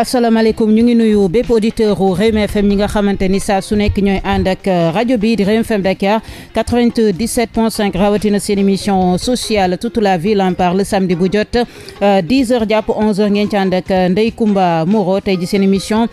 asalaamaaleykum ñu ngi nuyu bépp auditeur u FM ñi nga xamante ni saa su nekk ñooy ànd ak euh, rajo bi di Rewmi FM Dakar 97.5 rawatina seen émission sociale toute la ville en parle samedi bu jot 10 euh, heures jàpp 11 heures ngeen ci ànd ak euh, Ndeye Comba Moreau tey ji seen émission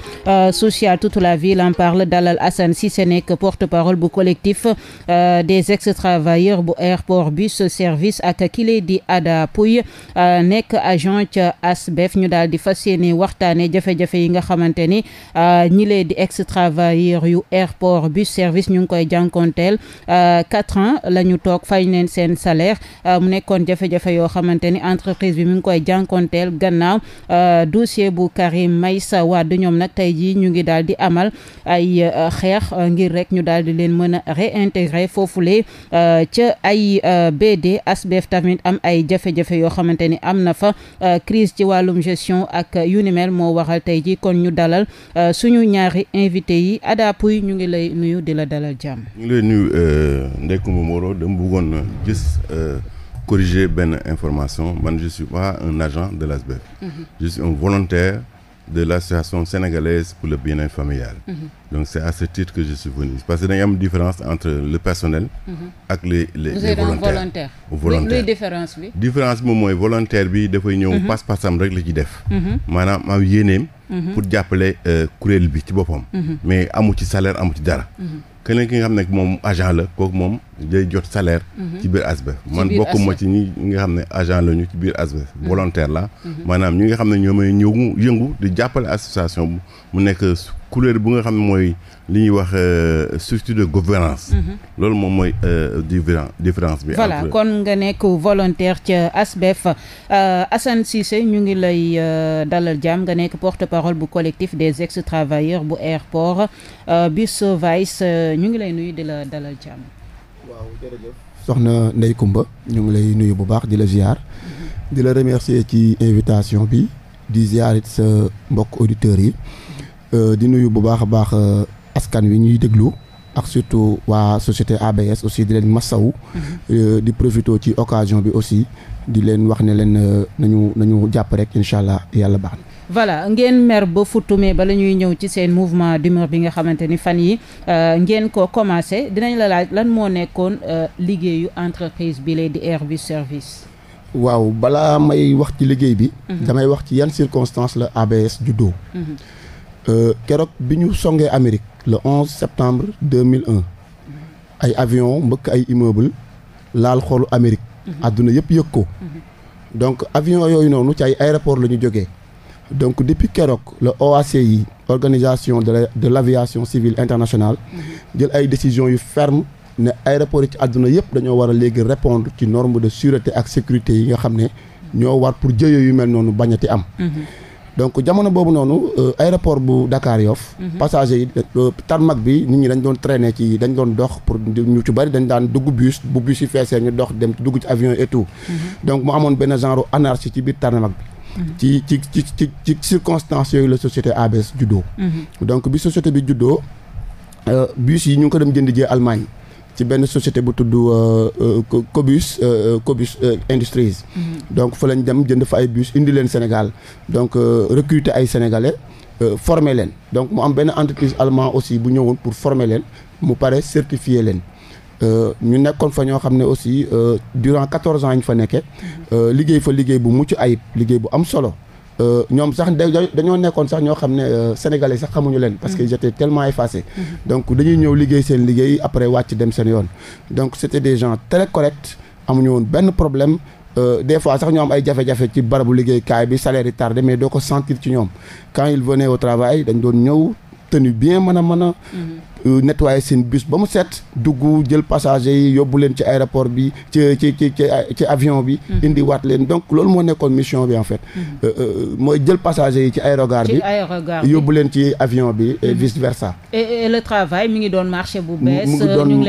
sociale toute la ville en parle dalal Assane Cissé nekk porte-parole bu collectif des ex-travailleurs bu airport bus service ak kile di Ada Pouy nekk agent ca ASBEF ñu daal di fas yéene waxtaane jafe-jafe yi nga xamante ni euh, ñi lee di ex travailleur yu airport bus service ñu ngi koy jànkonteel euh, quatre ans la ñu toog fay leen seen salaire euh, mu nekkoon jafe-jafe yoo xamante ni entreprise bi mu ngi koy jànkonteel gannaaw dossier bu Karim Meïssa Wade ñoom nag tey jii ñu ngi daal di amal ay xeex ngir rek ñu daal di leen mën a réintégrer foofule ca ay BD ASBEF tamit am ay jafe-jafe yoo xamante ni am na fa crise ci wàllum gestion ak yu ni mel waral tey ji kon ñu dalal euh, suñu ñaari invité yi Ada Pouye ñu ngi lay nuyu di la dalal jàmm. ñu ngi lay nuyu euh, Ndeye Comba Moreau dama bëggoon na euh, corriger benn information man je pas un agent de l'ASBEF. Mm-hmm. je un volontaire. de l'association sénégalaise pour le bien-être familial. Mm -hmm. Donc c'est à ce titre que je suis venu parce que dañu am différence entre le personnel. Mm -hmm. ak les les, les volontaires volontaire. volontaire. différence bi. différence bi moom mooy volontaire bi dafay ñëw mm-hmm. pas-pasam rek la ci def. Mm-hmm. maanaam am yéeneem. Mhm. pour jàppale euh, kuréel bi ci boppam. Mhm. mais amu ci salaire amu ci dara. Mhm. keneen ki nga xam ne moom agent la kooku moom day jot salaire. ci biir ASBEF man bokkuma ci ñi nga xam ne agent la ñu ci biir ASBEF volontaire la maanaam ñi nga xam ne ñoom ñoo yëngu di jàppale association mu nekk. couleur bu nga xam ne mooy li ñuy wax euh, structure de gouvernance mhm. loolu moom mooy euh, différence bi voilà kon nga nekk volontaire ca ASBEF euh, Assane Cissé ñu ngi lay dalal jàmm nga nekk porte-parole bu collectif des ex-travailleurs bu airport bi Sovice ñu ngi lay nuyu di la dalal jàmm waaw jërëjëf soxna Ndeye Kumba ñu ngi lay nuyu bu baax di la ziar mhm. di la remercier ci invitation bi di ziarit sa mbokk auditeurs yi Euh, di nuyu bu baax a baax euh, askan wi ñuy déglu ak surtout waa société ABS aussi di leen massawu mhm. euh, di profité ci occasion bi aussi di leen wax ne leen nañu nañu jàpp rek incha allah yàlla baax na voilà ngeen mer ba futtumee bala ñuy ñëw ci seen mouvement d'humeur bi nga xamante ni fan yi ngeen ko commencé dinañ la laaj lan moo nekkoon liggéeyu entreprise bi lay di bi service waaw balaa may wax ci liggéey bi mhm. damay wax ci yan circonstances la ABS juddoo mhm. Euh, keroog bi ñu songee Amérique le 11 septembre 2001 ay avion mbëkk ay immeuble laal xoolu Amérique mhm. àdduna yëpp yëg ko mhm. donc avion yooyu noonu ci ay aéroport la ñu jógee donc depuis keroog la OACI organisation de la de l' aviation civile internationale mhm. jël ay décisions yu ferme ne aéroport yi ci àdduna yëpp dañoo war a léegi répondre ci norme de sûreté ak sécurité yi nga xam ne ñoo war pour jëye yu mel noonu bañati am donc jamono boobu noonu euh, aéroport bu Dakar Yoff mhm. passager yi euh, tarmac bi nit ñi dañ doon traîner ci dañ doon dox pour ñu ci bari dañ daan dugg bus bu bus yi feesee ñu dox dem dugg ci avion et tout mhm. donc mu amoon benn genre anarchie ci biir tarmac bi mhm. ci ci ci ci ci circonstances yooyu la société ABS juddoo donc bi société bi juddoo euh, bus yi ñu ngi ko dem jënd jee Allemagne ci benn société bu tudd euh, euh, Cobus euh, Cobus Industries. Mm-hmm. donc fa lañ dem jënd fa ay bus indi leen Sénégal donc recruter ay sénégalais former leen donc mu am benn entreprise allemand aussi bu ñëwoon pour former leen mu pare certifier leen. ñu nekkoon fa ñoo xam ne aussi durant quatorze ans ñu fa nekkee mm-hmm. liggéey fa liggéey bu mucc ayib liggéey bu am solo. Euh, ñoom sax dañoo nekkoon sax ñoo xam ne euh, sénégalais sax xamuñu leen. parce que ils étaient tellement effacés. donc dañuy ñëw liggéey seen liggéey après wàcc dem seen yoon. donc c'était des gens très corrects amuñu woon benn problème. Euh, des fois sax ñoom ay jafe-jafe ci barabu liggéey liggéeykaay bi salaire yi tardé mais doo ko sentir ci ñoom quand ils venaient au travail dañ doon ñëw tenue bien mën a mën a Euh, nettoyer seen bis ba mu set dugg jël passager yi yóbbu leen ci aéroport bi ci ci ci ci avion bi. Mm-hmm. indi leen donc loolu moo nekkoon mission bi en fait. Mm-hmm. Euh, euh, mooy jël passager yi ci aérogare bi ci yóbbu leen ci avion bi et mm-hmm. vice versa. et le mi ngi doon marché bu bees. doon ñu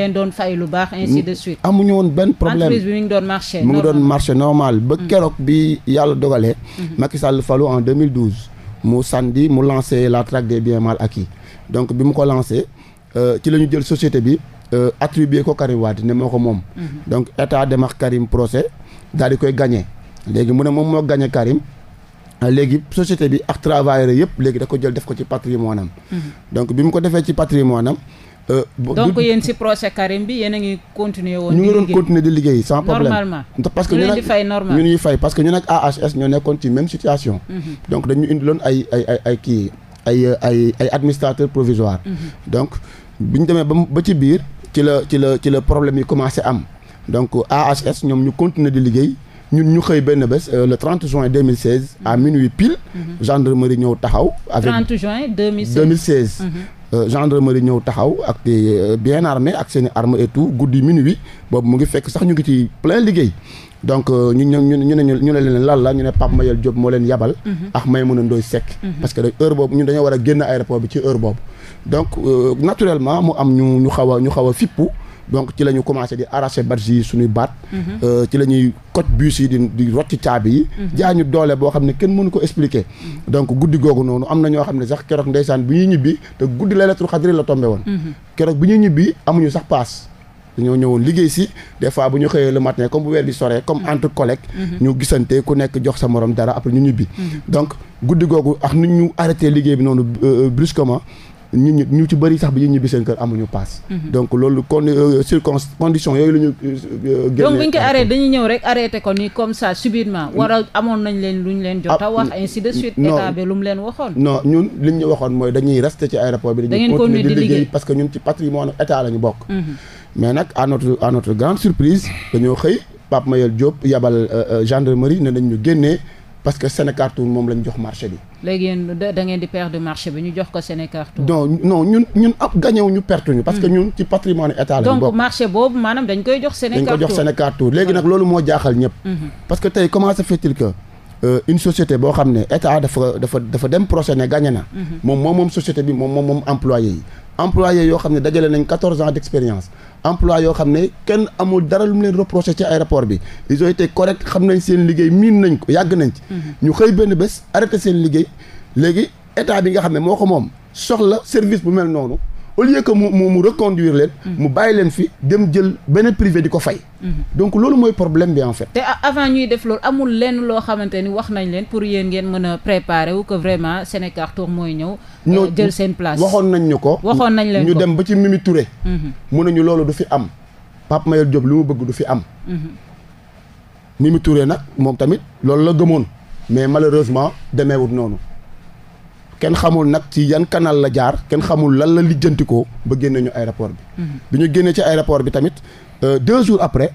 lu baax ainsi amuñu woon benn problème entreprise doon marché. mu ngi doon marché normal ba keroog bi yàlla dogalee. Macky Sall falu en 2012 mu sandi mu lancé la traque des biens mal acquis donc bi mu ko lancé. Euh, ci la ñu jël société bi euh, attribué ko Karim Wade ne moo ko moom. Mhm. donc état dem ak Karim procès daal di koy gagné léegi mu ne moom moo gagné Karim. léegi société bi ak travailleurs yëpp léegi da ko jël def ko ci patrimoine am. Mhm. donc bi mu ko defee ci patrimoine am. Euh, donc yéen si procès Karim bi yéen ngi continuer woon. ñu ngi doon continuer di liggéey sans problème normalement parce que ñu leen di fay normal ñu ñuy fay parce que ñu nag AHS ñoo nekkoon ci même situation. Mhm. donc dañu indi loon ay ay ay ay kii ay ay bi ñu demee ba ba ci biir ci la ci la ci la problème yi commencé am donc AHS ñoom ñu continuer di liggéey ñun ñu xëy benn bés euh, le 30 juin 2016 à minuit genre mhm. gendarmerie ñëw taxaw. avec 30 juin 2016 2016. Mhm. Euh, gendarmerie ñëw taxaw ak euh, bien armé ak seen i armes et tout guddi minuit boobu mu ngi fekk sax ñu ngi ci plein liggéey. donc ñu euh, ñu ñu ne ñu ne leen lan la ñu ne Pape Mayel Diop moo leen yabal. Mhm. ak Maymouna Ndoye Seck. Mhm. parce que heure boobu ñun dañoo war a génn aéroport bi ci heure boobu. donc euh, naturellement mu am ñu ñu xaw a ñu xaw a fippu donc ci la ñu commencé di arracher badge yi suñuy baat. Mhm. Euh, ci la ñuy coc yi di di caabi yi. jaay ñu doole boo xam ne kenn mënu ko expliquer. donc guddi googu noonu am na ñoo xam ne sax keroog ndeysaan bi ñuy ñibbi te guddi laylatul la tombé woon. dañoo ñëwoon liggéey si des fois bu ñu xëyee le matin comme bu weer bi soree comme mm-hmm. entre collègues mm-hmm. ñu gisante ku nekk jox sa morom dara après ñu ñibbi mm-hmm. donc guddi googu ak nu ñu arrêté liggéey bi noonu euh, euh, brusquement ñu ci bëri sax bi ñu ñibbi seen kër amuñu paas. donc loolu con euh, circon condition yooyu la ñu. génne donc bu dañuy ñëw rek arrêté ko ni comme ça subitement. wala amoon nañ leen lu ñu leen jot a ah, wax. ainsi de suite état bi lu mu leen waxoon. mais nag à notre à notre grande surprise dañoo xëy Pape Mayel Diop yabal euh, euh, gendarmerie ne nañ ñu génnee parce que Sénécartour moom lañ jox marché bi. léegi yéen ngeen di perdre marché bi ñu jox ko Sénécartour. non non ñun ñun ab gagné wu ñu perte parce que hmm. ñun ci patrimoine état lañ bokk. donc marché boobu maanaam dañ koy jox Sénécartour jox Sénécartour léegi nag hmm. loolu moo jaaxal ñëpp. Hmm. parce que tey comment se fait-il euh, une société boo xam ne état dafa dafa dafa dem procès ne gagné na. moom moom moom société bi moom moom moom employé yi. employé yoo xam ne dajale nañ quatorze ans d' expérience. emploi yoo xam ne kenn amul dara lu mu leen reproché ci aéroport bi ils ont été corrects xam nañ seen liggéey miin nañ ko yàgg nañ ci. Mhm. ñu xëy benn bés arrêté seen liggéey léegi état bi nga xam ne moo ko moom soxla service bu mel noonu. au lieu mu mu mu reconduire leen. Mm. mu bàyyi leen fi dem jël beneen privé di ko fay. Mm-hmm. donc loolu mooy problème bi en fait. te avant ñuy def loolu amul lenn loo xamante ni wax nañ leen pour yéen ngeen mën a préparer wu ko vraiment Sénécartour mooy ñëw. ñoo euh, jël seen place waxoon nañ ñu ko. waxoon nañ leen ñu dem ba ci Mimi Touré. Mm-hmm. mu ne ñu loolu du fi am. Pape Mayel Diop li mu bëgg du fi am. Mm-hmm. Mimi Touré nag moom tamit loolu la gëmoon mais malheureusement demeewut noonu. kenn xamul nag ci yan canal la jaar kenn xamul lan la lijjantikoo ba génne ñu aéroport bi. Mhm. bu ñu génnee ci aéroport bi tamit euh, deux jours après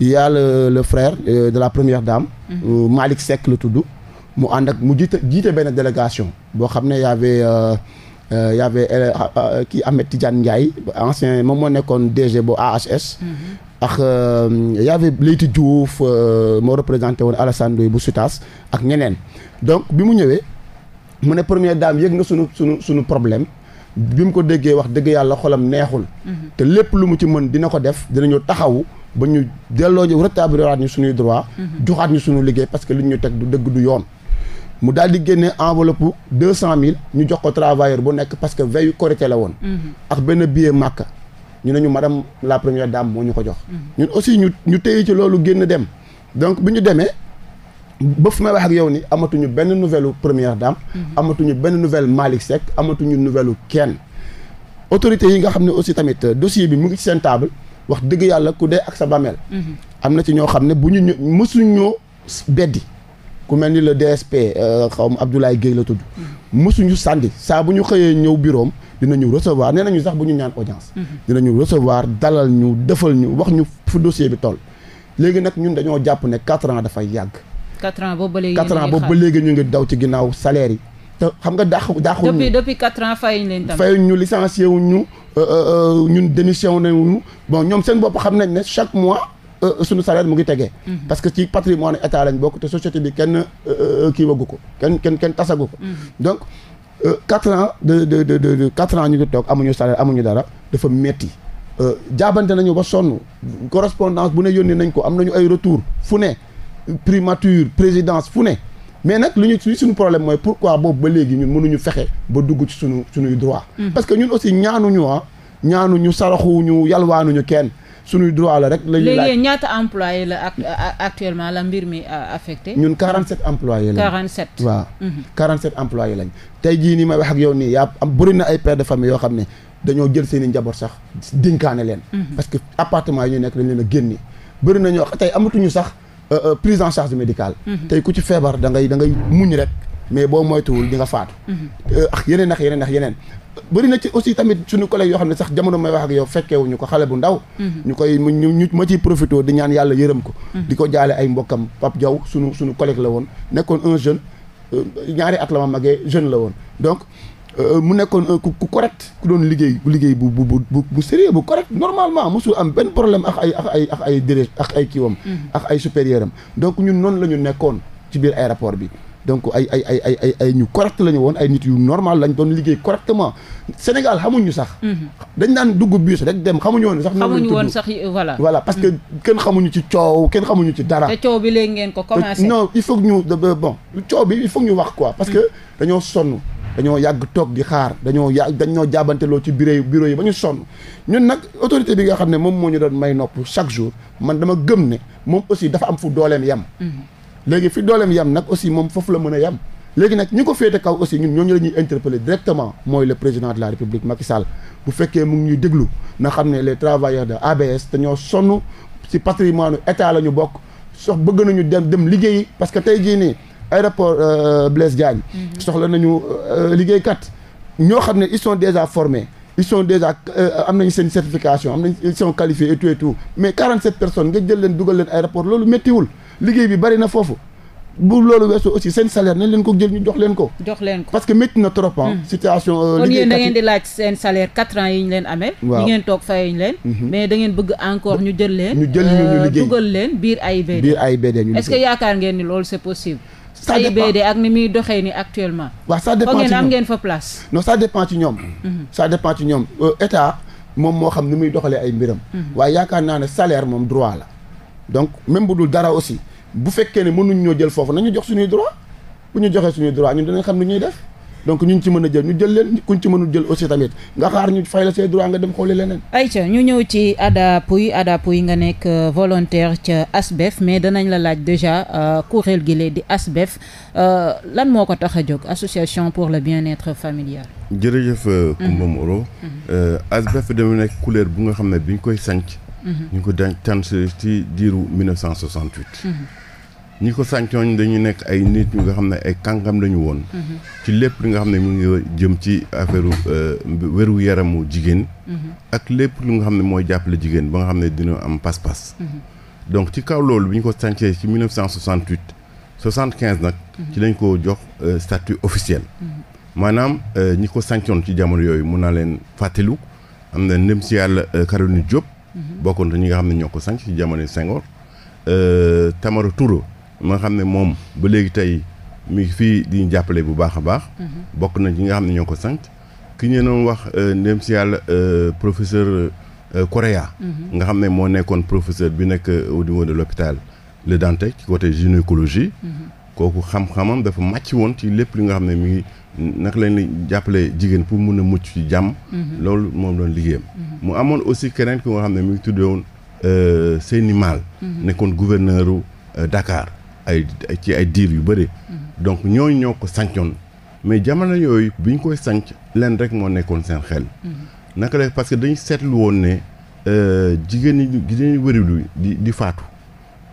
yàlla le le frère euh, de la première dame. Mhm. Euh, Malick Seck la tudd. mu ànd ak mu jiite jiite benn délégation boo xam ne y avait y ah, ah, kii Ahmed Tidiane Ndiaye ancien moom moo nekkoon DG bu AHS. Mhm. ak y avait Leyti Diouf moo représenté woon Alassane bu Sutas ak ñeneen donc bi mu ñëwee. mu ne première dame yëg nga sunu sunu sunu problème bi mu ko déggee wax dëgg yàlla xolam neexul. Mhm. te lépp lu mu ci mën dina ko def dinañu taxawu ba ñu delloo ñu rétablir ñu sunuy droit. Mhm. joxaat ñu sunu liggéey parce que li ñu teg du dëgg du yoon. mu daal di génne enveloppe deux cent mille ñu jox ko travailleur bu nekk parce que veille Korité la woon. Mhm. ak benn billet Màkka. ñu ne ñu madame la première dame moo ñu ko jox. ñu aussi ñu ñu téye ci loolu génn dem donc bi ñu demee. ba fu may wax ak yow ni amatuñu benn nouvelle première dame. Mhm. amatuñu benn nouvelle Malick Seck amatuñu nouvelle kenn. autorité yi nga xam ne aussi tamit euh, dossier bi mu ngi ci seen table wax dëgg yàlla ku dee ak sa bàmmeel. Mhm. am na ci ñoo xam ne bu ñu mësuñoo beddi. ku mel ni le DSP euh, xaw ma Abdoulaye Guèye la tudd. mësuñu mhm. sàndi saa bu ñu xëyee ñëw buroom bureau dinañu recevoir nee nañu sax bu ñu ñaan audience. dinañu recevoir dalal ñu defal ñu wax ñu fu dossier bi toll. léegi nag ñun dañoo jàpp ne quatre ans dafay yàgg. quatre ans boobu ba léegi ñu ngi daw ci ginnaaw salaire yi te xam nga daaxu daaxu depuis depuis quatre ans fayuñ leen ñu ñu euh, euh, euh, démission nañu bon ñoom seen bopp xam nañ ne chaque mois suñu salaire mu ngi tegee mhm. parce que ci patrimoine état lañ bokk te société bi kenn kii wagu ko kenn kenn kenn tasagu ko mhm. donc quatre ans de de de de quatre ans ñu ngi toog amuñu salaire amuñu dara dafa metti jaabante nañu ba sonn correspondance bu ne yónnee nañ ko am nañu ay retour fu ne primature présidence fu ne mais nag lu ñu suñu suñu problème mooy pour pourquoi boobu ba léegi ñun mënuñu fexe ba dugg ci suñu suñuy droit mm. parce que ñun aussi ñaanuñu ah ñu saraxuñu yalwaanuñu kenn suñuy droit la rek la ñuy laaj léegi ñaata employé la actuellement la mbir mi euh, affecté ñun 47 employé lañ 47 waaw 47 mm-hmm. tey jii nii may wax ak yow nii yaa am bëri na ay per de famille yoo xam ne dañoo jël seen i njaboot sax dénkaane leen mm-hmm. parce que appartement yi ñu nekk dañ leen a génne bëri na ñoo tey amatuñu sax Euh, euh, prise en charge médicale. Mhm. tey ku ci feebar da ngay da ngay muñ rek mais boo moytuwul di nga faatu. Mhm. Euh, ak yeneen ak yeneen ak yeneen. bëri na ci aussi tamit suñu collègue yoo xam ne sax jamono may wax ak yow fekkeewuñu ko xale bu ndaw. Mhm. ñu koy ñu ñu ma ciy profité di ñaan yàlla yërëm ko. di ko jaale ay mbokkam Pape Diaw suñu suñu collègue la woon nekkoon un jeune ñaari at la ma magee jeune la woon donc. Euh, mu nekkoon euh, ku correct ku doon liggéey bu liggéey bu bu bu bu bu correct normalement mosul am benn problème ak ay ak ay ak ay direct ak ay kiiwam mhm. ak ay supérieur donc ñun noonu la ñu nekkoon ci biir aéroport bi donc ay ay ay ay ay ay ñu correct la woon ay nit yu normal lañ doon liggéey correctement Sénégal xamuñu sax. Mhm. dañ daan dugg bus rek dem xamuñu woon sax. xamuñu woon sax voilà. voilà parce que mhm. kenn xamuñu ci coow kenn xamuñu ci dara. te coow bi léegi ngeen ko commencé. non ñu bon coow bi il faut ñu wax quoi. parce que dañoo sonn. dañoo yàgg toog di xaar dañoo yàgg dañoo jaabanteloo ci bureau bureau yi ba ñu sonn ñun nag autorité bi nga xam ne moom moo ñu doon may nopp chaque jour man dama gëm ne moom aussi dafa am fu dooleem yem mm-hmm. léegi fi dooleem yem nag aussi moom foofu la mën a yem léegi nag ñi ko féete kaw aussi ñun ñooñu la ñuy interpeller directement mooy le président de la république Macky bu fekkee mu ngi ñuy déglu na xam ne les travailleurs de ABS dañoo sonn ci patrimoine état la ñu bokk sox bëgg nañu dem dem liggéeyi parce que tey jii nii aéroport euh, Blaise Diagne. Mhm. soxla nañu euh, liggéeykat. ñoo xam ne ils sont déjà formés. ils son déjà euh, am nañu seen certification am nañu ils sont qualifiés et tout et tout mais personnes nga jël leen dugal leen aéroport loolu méttiwul liggéey bi bari na foofu. bu loolu weesoo aussi seen salaire nañ leen ko jël ñu jox leen ko. jox leen parce que métti na trop ah. situation liggéeykat yi kon yéen da di laaj seen salaire 4 ans yi ñu leen amee. waaw ngeen toog fay ñu leen. Mhm. mais da ngeen bëgg encore ñu jël leen. ñu jël ñu liggéey leen biir AIBD. biir AIBD ñu est-ce ngeen ni loolu c'est possible. sa dépend AIBD ak ni muy doxee ni actuellement. waaw ça dépend ci ñoom am ngeen fa place. non ça dépend ci ñoom. Mm-hmm. ça ñoom euh, état moom moo xam ni muy doxalee ay mbiram. Mm-hmm. waaye yaakaar naa ne salaire moom droit la. donc même bu dul dara aussi bu fekkee ne mënuñ ñoo jël foofu nañu jox suñuy droit bu ñu joxee suñuy droit ñun dinañ xam ni ñuy def. donc ñu ci mën a jël ñu jël leen kuñ ci mënul jël aussi tamit nga xaar ñu fay la say droit nga dem xooli leneen. ayca ñu ñëw ci ADAPUY ADAPUY nga nekk euh, volontaire ca ASBEF mais danañ la laaj déjà euh, kuréel gi lee di ASBEF euh, lan moo ko tax a jóg association pour le bien-être familial. jërëjëf mm-hmm. Kumba Moro. Mm-hmm. ASBEF dama nekk kuréel bu nga xam ne bi ñu koy sanc. Mm-hmm. ñu ko daan tànn ci diiru 1968. ñi ko sàncoon dañu nekk ay nit ñu nga xam ne ay kàngam lañu woon. Mhm. ci lépp li nga xam ne mu ngi jëm ci affaire euh, wéru yaramu jigéen. Mhm. ak lépp lu nga xam ne mooy jàppale jigéen ba nga xam ne dina am pas-pas. Mhm. donc ci kaw loolu bi ñu ko sàncee ci 1968 75 nag. ci lañ ko jox euh, statut officiel. maanaam euh, ñi ko sàncoon ci jamono yooyu mun naa leen fàttaliku am na ndem si yàlla Caroline Diop. bokkoon te ñi nga xam ne ñoo ko sànc ci jamono Senghor. Tamara turo ma xam ne moom ba léegi tey mi fii di jàppale bu baax a baax. Mhm. bokk na ñi nga xam ne ñoo ko sant. ki ñu doon wax euh, ndem si yàlla euh, professeur euh, Correa. Mhm. nga xam ne moo nekkoon professeur bi nekk au de l'hôpital Le Dantec ci côté gynécologie. Mhm. kooku xam-xamam dafa màcc woon ci lépp li nga xam ne mi ngi naka leen la jàppale jigéen pour mun a mucc ci jàmm. loolu moom doon liggéeyam. mu amoon aussi keneen ki nga xam ne mi ngi tuddee woon Seyni Mal. nekkoon gouverneur dakaar ay ci ay diir yu bëri. Mm-hmm. donc ñoo ñoo ko sancoon mais jamono yooyu bi ñu koy sanc leen rek moo nekkoon seen xel. Mm-hmm. naka la parce que dañu seetlu woon ne euh, jigéen ñi jigéen ñi wërilu di di faatu.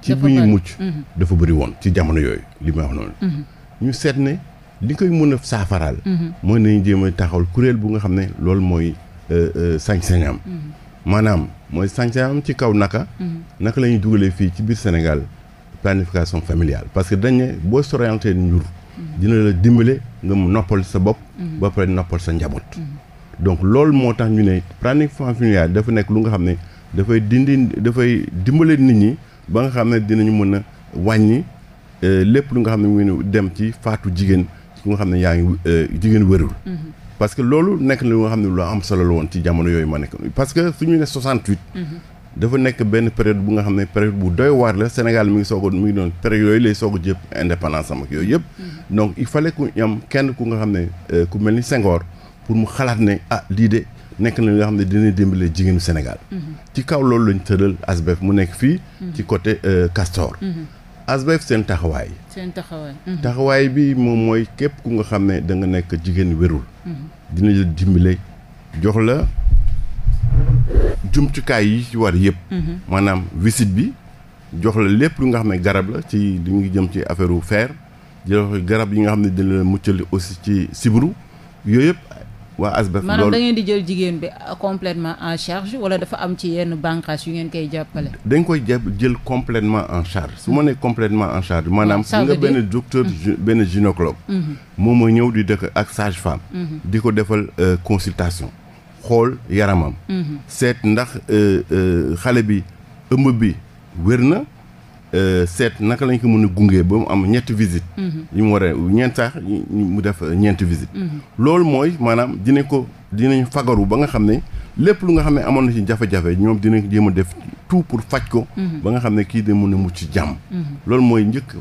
ci bu ñuy mucc mm-hmm. dafa bëri woon ci jamono yooyu li may wax noonu. ñu seet ne li koy mën a saafaraal. mooy nañu jéem a taxawal kuréel bu nga xam ne loolu mooy euh, euh, sañ-sañam. maanaam mooy sañ-sañam ci kaw naka. naka lañuy dugalee fii ci biir Sénégal. planification familiale parce que dañ ne boo s'orienté njur dina la dimbale nga mu noppal sa bopp ba pare noppal sa njaboot donc loolu moo tax ñu ne planification familiale dafa nekk lu nga xam ne dafay dindi dafay dimbale nit ñi ba nga xam ne dinañu mën a wàññi euh, lépp lu nga xam ne mu dem ci faatu jigéen su nga xam ne yaa ngi euh, jigéen wërul parce que loolu nekk na lu nga xam ne lu am solo la woon ci jamono yooyu ma nekk parce que suñu ne 68 dafa nekk benn période bu nga xam ne période bu doy waar la Sénégal mi ngi soog a mi ngi doon période yooyu lay soo a jëpp indépendance am ak yooyu yëpp. Mm-hmm. donc il fallait ku ñu kenn ku nga xam ne euh, ku mel ni Senghor pour mu xalaat ne ah lii de nekk na li nga xam ne dina dimbale jigéenu Sénégal. Mm-hmm. ci kaw loolu lañ tëral ASBEF mu nekk fii. Mm-hmm. ci côté euh, Castor. ASBEF seen taxawaay. seen taxawaay. taxawaay bi moom mooy képp ku nga xam ne da nga nekk jigéen wérul. dina la dimbale la. jumtukaay yi ci war yëpp. Mhm. maanaam visite bi jox la lépp lu nga xam ne garab la ci li ngi jëm ci affaire u fer jox garab yi nga xam ne dina la muccal aussi ci sibiru yooyu yëpp. waa asbef loolu maanaam da ngeen di jël jigéen bi complètement en charge wala dafa am ci yenn bànqaas yu ngeen koy jàppale. dañ koy jàpp jël complètement en charge su ma nee complètement en charge maanaam. su nga benn docteur mhm. benn gynécologue. Mhm. moom mooy ñëw di dëkk ak sage femme. di ko defal euh, xool yaramam. Mhm. seet ndax euh, euh, xale bi ëmb bi wér na. Euh, seet naka lañ ko mun a gunge ba mu am ñetti visite mhm. yu mu war ñeent sax mu def ñeenti visite mhm. loolu mooy maanaam dinañ ko dinañ fagaru ba nga xam ne lépp lu nga xam ne amoon na ci jafe-jafe ñoom dinañ jéem a def tout pour faj ko ba nga xam ne kii de mën a mucc jàmm loolu mooy njëkk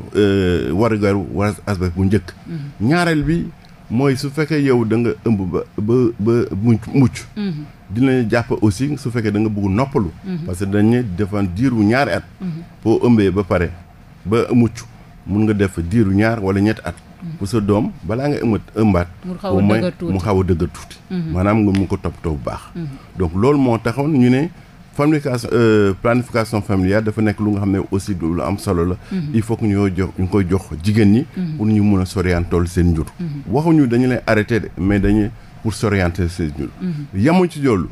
warugaru war asbak bu njëkk ñaareel bi mooy su fekkee yow danga ëmb ba ba ba mucc mucc mhm. jàpp aussi su fekkee da nga bëgg noppalu mhm. parce que dañu defan diiru ñaari at mhm. boo ëmbee ba pare ba mucc mun nga def fa diiru ñaar wala ñetti at pour sa doom balaa nga ëmbat ëmbaat au moins mu xaw a dëgg tuuti maanaam nga mu ko toppatoo bu baax donc loolu moo taxoon ñu ne planification euh, planification familiale dafa nekk lu nga xam ne aussi lu am solo la. Mhm. il faut que ñu koy jox ñu koy jox jigéen ñi. Mhm. pour ñu mun a s'orienter seen njur. Mhm. waxuñu dañu leen arrêté de mais dañu pour s'orienter seen njur. yamuñ ci loolu.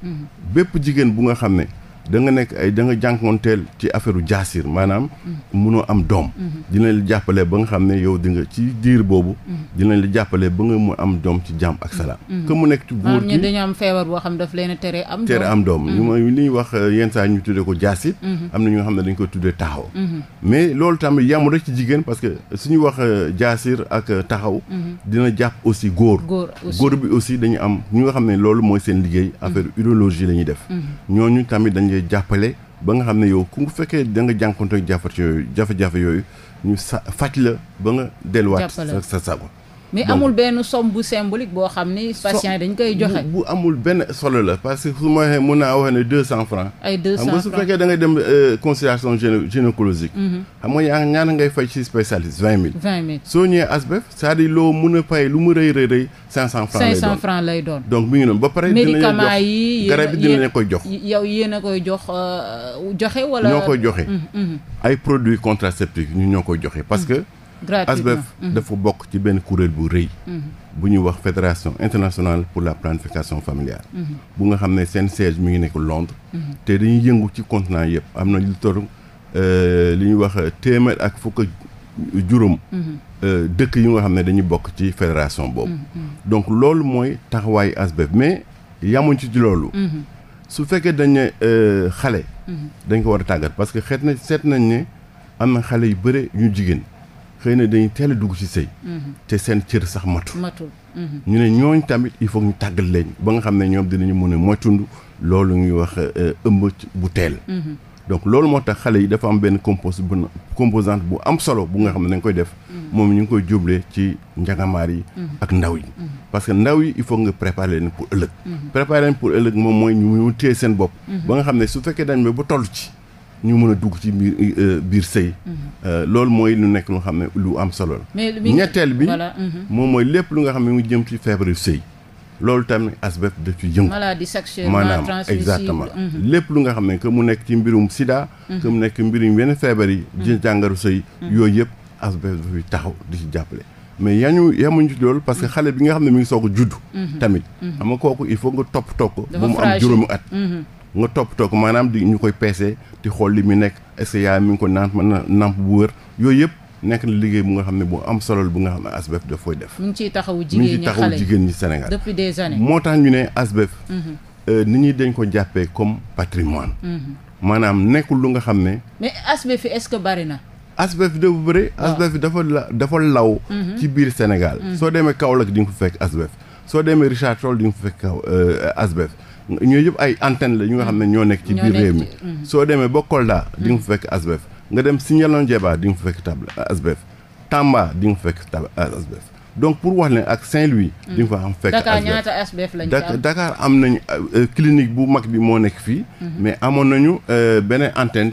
bépp jigéen bu nga xam ne. da nga nekk ay da nga jànkonteel ci affaire jaasir maanaam munoo am doom dina la jàppale ba nga xam ne yow di nga ci diir boobu dinañ li jàppale ba nga mu am doom ci jàmm ak salaam que mu nekk ci góor gi dañu am boo xam daf leen tere am tere am doom mm-hmm. ñu mooy li ñuy wax euh, saa ñu tuddee ko jaasir mm-hmm. am na ñu nga xam ne dañ koy tuddee taxaw mm-hmm. mais loolu tamit yamul rek ci jigéen parce que suñu wax euh, jaasir ak euh, taxaw dina jàpp aussi góor góor bi aussi dañu am ñu nga xam ne loolu mooy seen liggéey affaire urologie la ñuy def ñooñu tamit dañ jàppale ba nga xam ne yow ku fekkee da nga jànkonte jafe yooyu jafe-jafe yooyu ñu sa fàcc la ba nga delluwaat sa sago mais amul benn somme bu symbolique boo xam ni patient dañ koy joxe. bu amul benn solo la parce que su ma waxee mun naa wax ne deux cent francs. ay deux cent francs xam nga su fekkee da ngay dem euh, consultation gyné gynécologique. Mhm. xam nga yaa ñaata soo ñëwee ASBEF cest à loo mun a fay lu mu rëy rëy rëy cinq cent francs lay doon donc mi ngi noonu ba pare. médicaments yi garab yi koy jox. yow yéen a koy jox euh, joxe wala. ñoo koy joxe. Mhm, mhm. ay produits contraceptifs ñu ñoo koy joxe parce que. ASBEF mhm. dafa bokk ci benn kuréel bu rëy mhm. bu ñuy wax fédération internationale pour la planification familial mhm. bu nga xam ne seen siège mi ngi nekk Londres te dañuy yëngu ci contenant yëpp am na lu toll euh, li ñuy wax euh, téeméer ak fukk juróom euh, dëkk yu nga xam ne dañuy bokk ci fédération boobu donc loolu mooy taxawaayu ASBEF mais yamuñ ci ci loolu su fekkee dañ ne xale dañ ko war a tàggat parce que xeet nañ seet nañ ne am na xale yu bëre ñu jigéen xëy na dañuy teel a dugg ci sëy mhm. te seen cër sax matul matul mhm. ñu ne ñooñ tamit il faut ñu tàggat leen ba nga xam ne ñoom dinañu mun a moytundu loolu ñuy wax euh, ëmb bu teel mhm. donc loolu moo tax xale yi dafa am benn compos bu composante bu am solo bu nga xam ne dañ koy def moom ñu ngi koy jublee ci njagamaar yi ak ndaw yi parce que ndaw yi il faut nga préparer leen pour ëllëg préparer leen pour ëllëg moom mooy ñu téye seen bopp ba nga xam ne su fekkee dañu ba ba toll ci ñu mën a dugg ci biir euh, biir sëy mhm. euh, loolu mooy lu nekk lu xam ne lu am solo la ñetteel bi mhm. moom mooy lépp lu nga xam ne mu jëm ci feebaru sëy loolu tamit asbef daf ci yëngu maanaam exactement mhm. lépp lu nga xam ne que mu nekk ci mbirum sida mu nekk mbirum yenn feebar yi di jàngaru sëy yooyu yëpp asbef dafay taxaw di ci jàppale mais ñu yamuñu ci loolu parce que xale bi nga xam ne mi ngi soog a judd tamit xam kooku il faut nga topp toog ko ba mu am juróomi at nga topp ko maanaam di ñu koy peese di xool li mu nekk est-ce que yaa mi ngi ko nàmp nàmp bu wër yooyu yëpp nekk na liggéey bu nga xam ne boo am solo bu nga xam ne ASBEF daf def. mu ngi ciy taxawu jigéen ñi xale jigéen ñi Sénégal. moo tax ñu ne ASBEF. Mhm. Euh, nit ñi dañ ko jàppee comme patrimoine. Mhm. maanaam nekkul lu nga xam ne. mais ce que bari na. ASBEF bi dafa bëri ASBEF bi la dafa law mhm. ci biir Sénégal soo demee Kaolack di nga fa fekk ASBEF soo demee Richard di nga fa fekk euh, ASBEF ñooñu yëpp ay antenne la ñu nga xam ne ñoo nekk ci biir réew mi mm. soo demee ba Kolda di nga fekk ASBEF nga dem Signalon Djeba di nga fa fekk table euh, ASBEF Tamba di nga fekk table euh, ASBEF donc pour wax ne ak Saint-Louis mm. di nga fa am fekk Dakar ñaata am nañu euh, clinique bu mag bi moo nekk fii mm-hmm. mais amoon nañu beneen antenne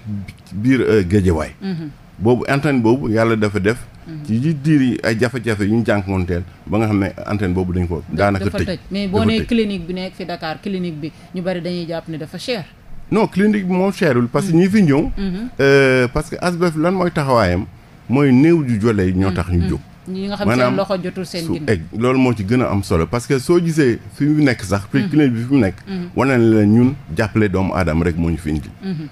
biir Guédiawaye mm-hmm. boobu antenne boobu yàlla dafa def. Mhm. ci ji diiri ay jafe-jafe yu ñu jànkuwanteel ba nga xam ne antenne boobu dañ ko. daanaka tëj dafa mais boo nee clinique bi nekk fi Dakar clinique bi ñu bari dañuy jàpp ne dafa cher. non clinique bi moom cherul parce que mhm. ñi fi ñëw. Mhm. Euh, parce que ASBEF lan mooy taxawaayam mooy néew ju jolee ñoo tax ñu jóg. ñi nga xam seen loxo jotul seen ginnaaw loolu moo ci gën a am solo parce que soo gisee fi mu nekk sax. prix clinique bi fi mu nekk. wane na ñun jàppale doomu aadama rek moo ñu fi indi.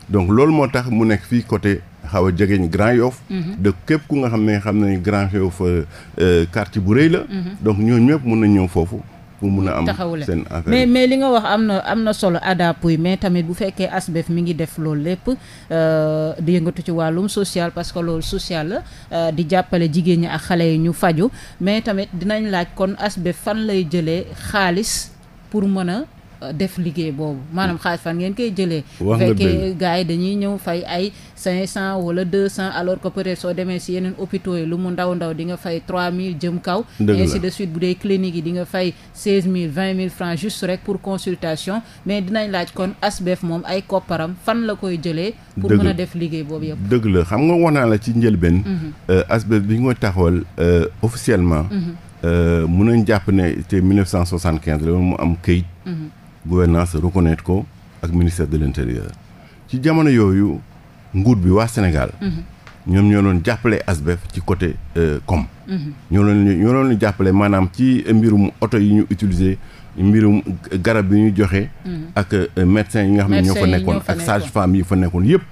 nekk fii côté. xaw a jegeñ Grand Yoff mhm. de képp ku nga xam ne xam nañ Grand Yoff euh, euh, quartier bu rëy la mhm. donc ñooñu ñëpp mun na ñëw foofu pour mun a am seen affaire mais mais li nga wax am na am na solo adapuy mais tamit bu fekkee ASBEF mi ngi def lool lépp euh, di yëngatu ci wàllum social parce que loolu social la di jàppale jigéen ñi ak xale yi ñu faju mais tamit dinañ laaj kon ASBEF fan lay jëlee xaalis pour mën def liggéey boobu maanaam xaalis fan ngeen koy jëlee fekkee gars yi dañuy ñëw fay ay cinq cent wala deux cent alors que peut soo demee si yeneen hôpitaux yi lu mu ndaw ndaw di nga fay trois mille jëm kaw ainsi de suite bu dee clinique yi di nga fay seize mille vingt mille francs juste rek pour consultation mais dinañ laaj kon ASBEF moom ay kopparam fan la koy jëlee pour mën a def liggéey boobu yëpp dëgg la xam nga wax naa la ci njëlbeen mhm. euh, ASBEF bi ñu koy taxawal euh, officiellement mhm. euh, mun nañ jàpp ne te 1975 gouvernance reconnaître ko ak ministère de l'intérieur ci jamono yooyu nguur bi waa Sénégal mm-hmm. ñoom ñoo doon jàppale ASBEF ci côté euh, com mm-hmm. ñoo doon ñoo doon jàppale maanaam ci mbirum oto yi ñu utiliser mbirum garab yi ñu joxe mm-hmm. ak euh, médecin yi nga xam ne ñoo fa nekkoon ak sage femme yi fa nekkoon yëpp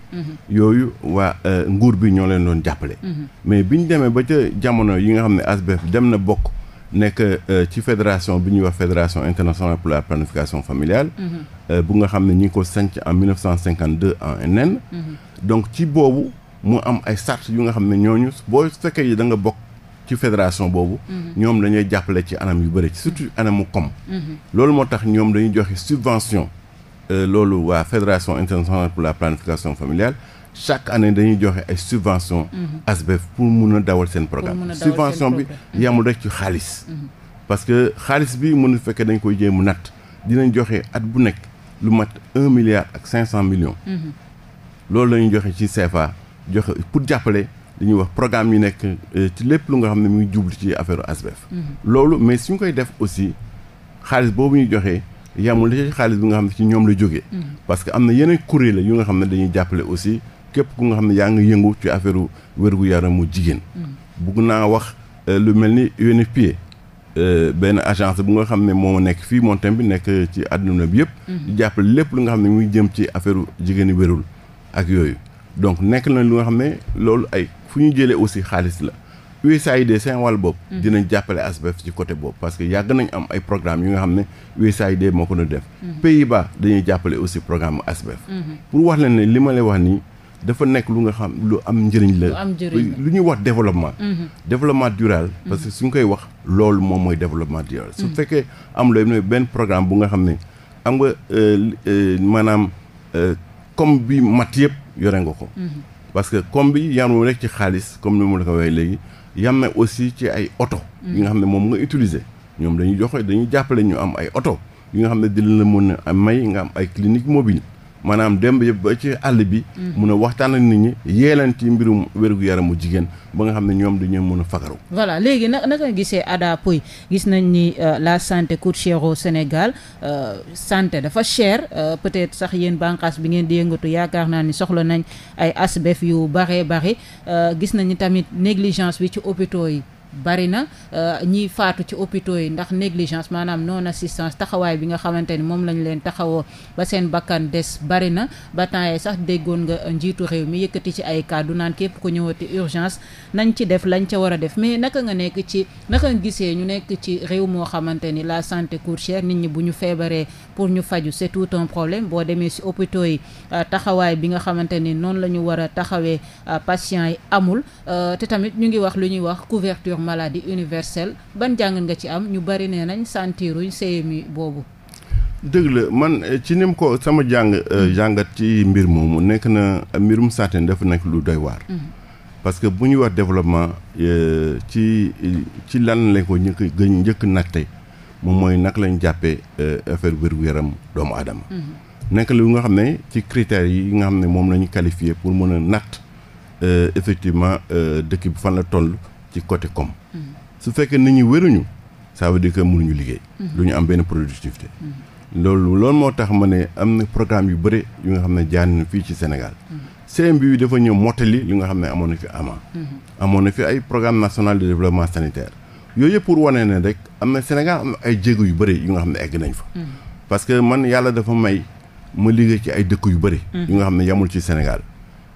yooyu waa euh, nguur bi ñoo leen doon jàppale mais bi ñu demee ba ca jamono yi nga xam ne ASBEF dem na bokk nekk euh, ci fédération bi ñuy wax fédération internationale pour la planification familiale. Mm-hmm. Euh, bu nga xam ne ñi ngi ko sanc en 1952 en nen mm-hmm. donc ci boobu mu am ay sart yu nga xam ne ñooñu boo fekkee yi da nga bokk ci fédération boobu. Mm-hmm. ñoom dañuy jàppale ci anam yu bëri surtout anamu kom. loolu moo tax ñoom dañu joxe subvention. Euh, loolu waa fédération internationale pour la planification familiale. chaque année dañuy joxe ay subvention mhm. ASBEF pour mun a dawal seen programme subvention bi yamul rek ci xaalis mhm. parce que xaalis bi mën na fekkee dañ koy jéem mu natt dinañ joxe at bu nekk lu mat un milliard ak cinq cent millions mhm. loolu la ñuy joxe ci CFA joxe pour jàppale li ñuy wax programme yi nekk euh, ci lépp lu nga xam ne mu ngi jublu ci affaire ASBEF loolu mais suñ koy def aussi xaalis boobu ñuy joxee yamul la ci xaalis bi nga xam ne ci ñoom la jóge parce que am na yeneen kuréel la yu nga xam ne dañuy jàppale aussi képp ku nga xam ne yaa ngi yëngu ci affaire wérgu yaramu jigéen. Mm. bugg naa wax euh, lu mel ni UNFPA euh, benn agence bu nga xam ne moo nekk fii moom tam bi nekk ci àdduna bi yëpp. Mm-hmm. di jàppale lépp lu nga xam ne muy jëm ci affaire jigéen yi wérul ak yooyu. donc nekk na lu nga xam ne loolu ay fu ñu jëlee aussi xaalis la USAID seen wàll bopp. Mm. dinañ jàppale ASBEF ci côté boobu. parce que yàgg nañ am ay programme yi nga xam ne USAID moo ko doon def. Mm-hmm. Pays-Bas dañuy jàppale programme ASBEF. Mm-hmm. dafa nekk lu nga xam lu am njëriñ la lu ñuy wax développement mhm. développement durable mhm. parce que suñ koy wax loolu moom mooy développement durable su mhm. fekkee am looy benn programme bu nga xam ne am nga euh, euh, maanaam euh, comme bi mat yëpp yore nga ko que comme bi yamu rek ci xaalis comme ni mu la ko waxee léegi yam na aussi ci ay oto yi nga xam ne moom nga utiliser ñoom dañuy joxe dañuy jàppale ñu am ay oto yi nga xam ne dina la mën a may nga am ay clinique mobile maanaam dem ba ci àll bi. Mm. mun a waxtaan ak nit ñi yee leen mbirum wérgu yaramu jigéen ba nga xam ne ñoom dañoo mën a fagaru. voilà léegi nag naka gisee Adja Pouye gis nañ ni euh, la santé coûte cher au Sénégal euh, santé dafa cher euh, peut-être sax yéen bànqaas bi ngeen di yëngatu yaakaar naa ni soxla nañ ay asbef yu bare bare gis nañu tamit négligence bi ci hôpitaux yi. bari na euh, ñiy faatu ci hôpitaux yi ndax négligence maanaam non assistance taxawaay bi nga xamante ni moom lañ leen taxawoo ba seen bakkan des bari na ba temps sax déggoon nga njiitu réew mi yëkkati ci ay kàddu naan képp ku ñëwati urgence nañ ci def lañ ca war a def mais naka nga nekk ci naka nga gisee ñu nekk ci réew moo xamante ni la santé coûte cher nit ñi bu ñu feebaree pour ñu faju c'est tout un problème boo demee ci hôpitaux yi euh, taxawaay bi nga xamante ni noonu la ñu war a taxawee euh, patients yi amul euh, te tamit ñu ngi wax lu ñuy wax couverture maladie universelle ban jàngat nga ci am ñu bari nee nañ santiruñ CMU boobu dëgg la man eh, ci nim ko sama jàng mm-hmm. jàngat ci mbir moomu nekk na mbirum santé dafa nekk lu doy waar mm-hmm. parce que bu ñuy wax développement ci ci lan lañ ko njëkk gën njëkk natte moom mooy naka lañ jàppee euh, affaire wér-gu-yaram doomu aadama. Mm-hmm. nekk lu nga xam ne ci critères yi nga xam ne moom la ñu pour mën a natt euh, effectivement euh, dëkk bi fan la toll ci côté koom. Mm-hmm. su fekkee nit ñi wéruñu ça di dire que mënuñu liggéey. lu mm-hmm. ñu am benn productivité. loolu loolu moo tax ma ne am na programme yu bëri yu nga xam ne jaar na fii ci Sénégal. CMB bi dafa ñëw mottali li nga xam ne amoon na fi ama amoon na fi ay programme national de sanitaire. yooyu yëpp pour wane ne rek am na Sénégal am na ay jéego yu bëri yu nga xam ne egg nañ fa. Mm. parce que man yàlla dafa may ma liggéey ci ay dëkk yu bëri. Mm. yu nga xam ne yamul ci Sénégal.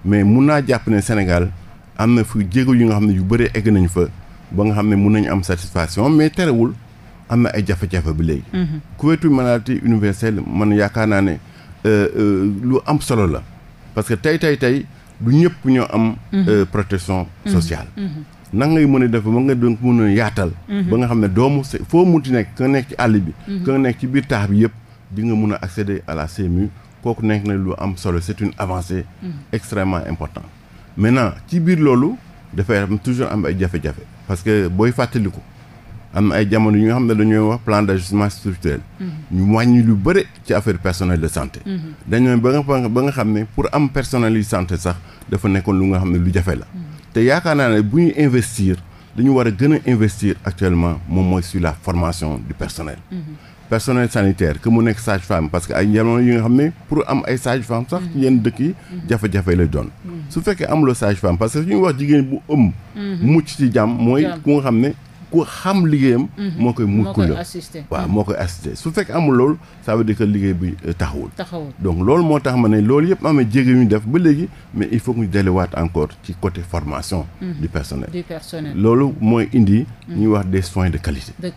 mais mun naa jàpp ne Sénégal am na fu jéego yu nga xam ne yu bëri egg nañ fa ba nga xam ne mun nañu am satisfaction mais terewul am na ay jafe-jafe bi léegi. Mm-hmm. couverture maladie universelle man yaakaar naa ne euh, euh, lu am solo la parce que tey tey tey du ñëpp ñoo am. Mm-hmm. Euh, protection mm-hmm. sociale. nan ngay mën a def ba nga doon mu a yaatal. Mhm. ba nga xam ne doomu se foo munti nekk ka nekk ci àll bi. Mhm. ka nekk ci biir taax bi yëpp di nga mun a accéder à la CMU kooku nekk na lu am solo c'est une avancée. Mhm. extrêmement mais maintenant ci biir loolu dafay am toujours am ay jafe-jafe parce que booy fàttali ko am na ay jamono yi nga xam ne dañooy wax plan d'ajustement structurel. ñu wàññi lu bëre ci affaire personnel de santé. dañoo ba nga ba nga xam ne pour am personnel de santé sax dafa nekkoon lu nga xam ne lu jafe la. te yaakaar naa ne bu ñu investir dañu war a gën a investir actuellement moom mooy sur la formation du personnel. Mm-hmm. personnel sanitaire que mu nekk sage-femme parce que ay jamono yi nga xam ne pour am ay sage-femme sax ci yenn dëkk yi mm-hmm. jafe-jafe lay doon mm-hmm. su fekkee amuloo sage-femme parce que su ñuy wax jigéen bu ëmb mucc ci jàmm mooy ku nga xam ne ku xam liggéeyam. Mhm. moo koy mu ku waaw mhm. moo koy assister su fekk amul loolu ça dire que liggéey bi euh, taxawul. taxawul donc loolu moo tax ma ne loolu yëpp amee jéego yu ñu def ba léegi mais il faut que ñu delluwaat encore ci côté formation. Mhm. du personnel loolu mooy indi. ñuy wax des soins de qualité. de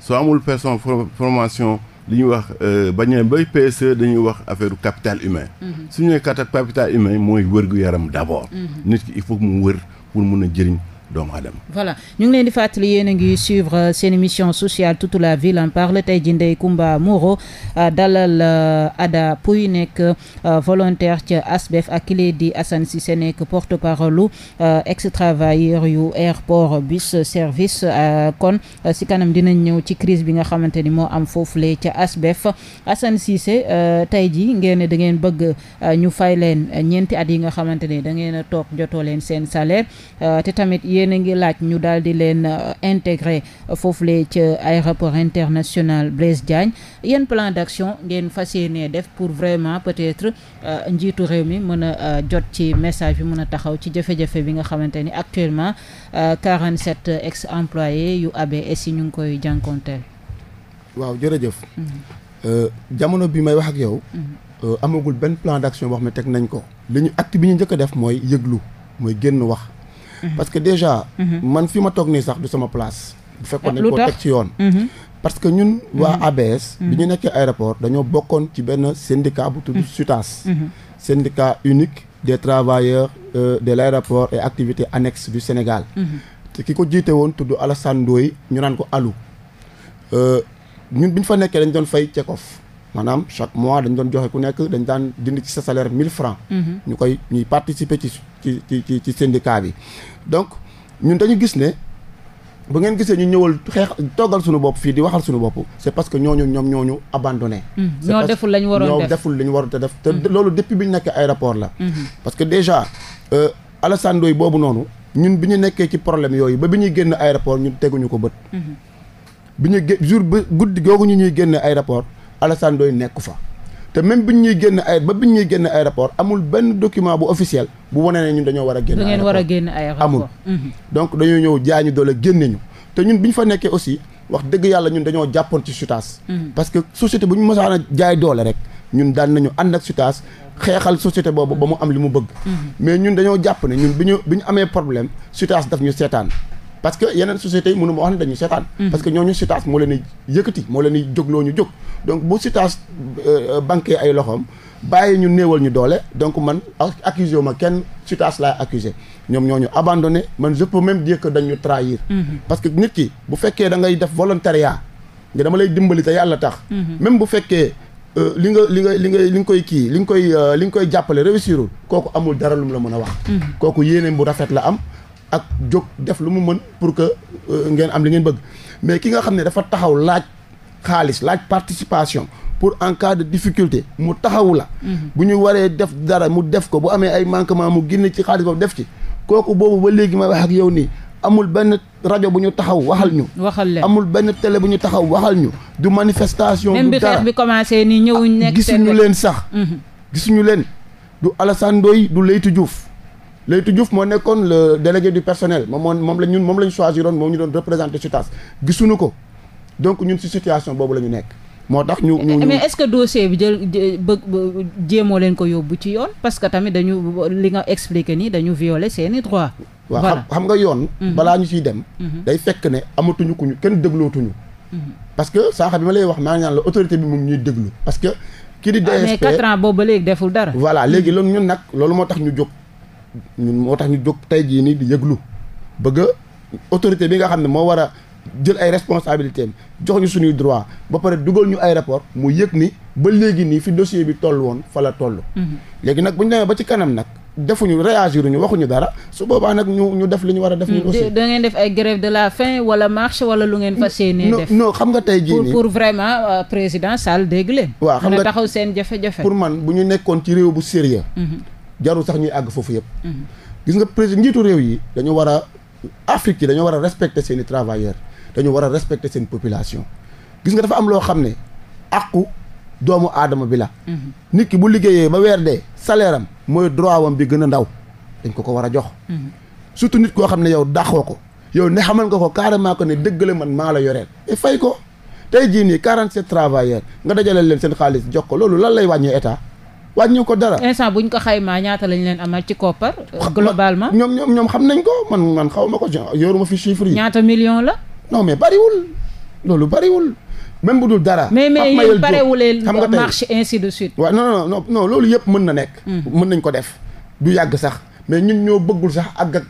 soo amul personne formation. li ñuy wax euh, bañee bay PSE dañuy wax affaire capital humain su ñu nee capital humain mooy wër gu yaram d'abord nit ki il faut mu wër pour mun a jëriñ doomu aadama voilà ñu ngi leen di fàttali yéen a ngi suivre euh, seen émission sociale toute la ville en parle tey ji Ndeye Comba Moreau dalal euh, Ada Pouye nekk euh, volontaire ca ASBEF ak kile di Assane Cissé nekk porte parole ex travailleur yu airport bus service kon si kanam dinañ ñëw ci crise bi nga xamante ni moo am foofu foofulee ca ASBEF Assane Cissé tey ji ngeen ne da ngeen bëgg ñu fay leen ñeenti at yi nga xamante ni da ngeen a toog jotoo leen seen salaire yéen a ngi laaj ñu daal di leen euh, intégré euh, foofule ca aéroport international Blaise Diagne yéen plan d'action ngeen fas yéenee def pour vraiment peut-être euh, njiitu réew mi mën a jot ci message bi mun a taxaw ci jafe-jafe bi nga xamante ni actuellement 47 ex employés yu ABS yi ñu ngi koy jànkonteel waaw jërëjëf mm-hmm. jamono bi may wax ak yow mm-hmm. amagul benn plan d'action boo xam ma teg nañ ko li ñu acte bi ñu njëkk a def mooy yëglu mooy génn wax parce que déjà. Mhm. man fi ma toog nii sax du sama place. bu fekkoon nañ ko teg ci yoon. Mhm. parce que ñun waa mhm. ABS. bi ñu nekkee aéroport dañoo bokkoon ci benn syndicat bu tudd SUTAS. syndicat unique des travailleurs euh, de l'aéroport et activités annexes du Sénégal. te ki ko jiite woon tudd Alassane Ndoye ñu naan ko Alou. Euh, ñun bi ñu fa nekkee dañ doon fay cekof maanaam chaque mois dañ doon joxe ku nekk dañ daan dindi ci sa salaire mille francs mhm. ñu koy ñuy participer ci ci ci ci syndicat bi donc ñun dañu gis ne bu ngeen gisee ñu ñëwal xeex toggal suñu bopp fii di waxal suñu bopp c'est parce que ñooñu ñoom ñooñu abandonné mhm. ñoo deful lañu waroon def ñoo deful lañu waroon def te mhm. loolu depuis bi ñu nekkee aéroport la parce que déjà euh, Alassane Ndoye boobu noonu ñun bi ñu nekkee ci problème yooyu ba bi ñuy génn aéroport ñun teguñu ko bët bi ñu jour ba guddi googu ñu ñuy génn aéroport Alassane Ndoye nekku fa te même biñ ñuy génn ay ba biñ ñuy génn aéroport amul benn document bu officiel bu wane ne ñun dañoo war a génn. ngeen war a génn aéroport amul. Mhm. donc dañoo ñëw jaañu doole génne ñu te ñun bi ñu fa nekkee aussi wax dëgg yàlla ñun dañoo jàppoon ci SUTAS. Mhm. parce que société bu ñu mosaan a jaay doole rek ñun daan nañu ànd ak SUTAS xeexal société boobu ba mu am li mu bëgg. Mhm. mais ñun dañoo jàpp ne ñun bi ñu bi ñu amee problème SUTAS daf ñu seetaan. parce que yeneen sociétés yi mënu ma wax ne dañuy seetaan mm-hmm. parce que ñooñu sutaas moo leen di moo leen di jógloo ñu jóg donc bu sutaas euh, banqué ay loxoom bàyyi ñu néewal ñu doole donc man accusé wu ma kenn sutaas laa accusé ñoom ñoo ñu abandonné man je peux même dire que dañu trahir mm-hmm. parce que nit ki bu fekkee dangay ngay def volontariat nga dama lay dimbali te yàlla tax mm-hmm. même bu fekkee euh, li nga li nga li nga li nga koy kii li nga koy euh, li nga koy jàppale réussirul kooku amul dara lu la mën a wax kooku yéene bu rafet la am ak jóg def lu mu mën pour que euh, ngeen am li ngeen bëgg mais ki nga xam ne dafa taxaw laaj xaalis laaj participation pour en cas difficulté mu taxawu la. Mhm. bu ñu waree def dara mu def ko bu amee ay manquement mu génne ci xaalis boobu def ci kooku boobu ba léegi may wax ak yow nii. amul benn rajo bu ñu taxaw waxal ñu. waxal leen amul benn télé bu ñu taxaw waxal ñu. du manifestation du dara même bi nii ñëwuñ nekk gisuñu leen sax. Mhm. gisuñu leen du Alassane du Leyti Diouf. Leyti Diouf moo nekkoon le délégué du personnel moom moom la ñun moom la ñu choisiroon moom ñu doon représenté SUTAS gisuñu ko donc ñun ci situation boobu la ñu nekk. moo tax ñu ñu mais est bi jël bëgg jéemoo leen ko yóbbu ci yoon parce que tamit dañu li nga expliqué nii dañu violer seeni droit waaw xam nga yoon mhm. balaa ñu ciy dem mhm. day fekk ne amatuñu ku kenn déglootuñu mhm. parce que saaxa bi ma lay wax maa ngi la autorité bi moom ñuy déglu parce que di ah, DSP mais quatre boobu ba moo tax ñu jóg moo tax ñu jóg tey jii nii di yëglu bëgg autorité bi nga xam ne moo war a jël ay responsabilité am jox ñu suñuy droit ba pare dugal ñu ay rapport mu yëg ni ba léegi nii fi dossier bi toll woon fa la toll. Mm-hmm. léegi nag bu ñu demee ba ci kanam nag. defuñu réagir ñu waxuñu dara su boobaa nag ñu ñu def li ñu war a def. ñu aussi mm-hmm. da def ay grève de la fin wala marche wala lu ngeen fas yéenee mm-hmm. def xam nga tey jii nii pour vraiment euh, président Sall dégg leen. waaw xam nga taxaw seen jafe pour man bu ñu nekkoon ci réew bu sérieux jarul sax ñuy àgg foofu yëpp. Mhm. gis nga président njiitu réew yi dañu war a Afrique yi dañu war a respecter seen i travailleurs dañu war a respecter seen population gis nga dafa am loo xam ne àqu doomu aadama bi la. Mhm. nit ki bu liggéeyee ba weer dee saleeram mooy droit wam bi gën a ndaw dañ ko ko war a jox. Mhm. surtout nit koo xam ne yow daxoo ko yow ne xamal nga ko carrément ko ne dëgg man maa la yoreel et fay ko tey jii nii 47 travailleurs nga dajale leen seen xaalis jox ko loolu lan lay wàññee état. wàññi ko dara. instant buñ ko xaymaa ñaata lañ leen amal ci koppar. Euh, globalement ñoom ñoom ñoom xam nañ ko man man xaw ma ko yoruma fi chiffre yi. ñaata million la. non mais bariwul loolu bariwul. même bu dul dara. mais mais yéen parewulee marche ainsi de suite. waaw non non non non loolu yëpp mën na nekk. Hmm. mën nañ ko def du yàgg sax mais ñun ñoo bëggul sax àgg ak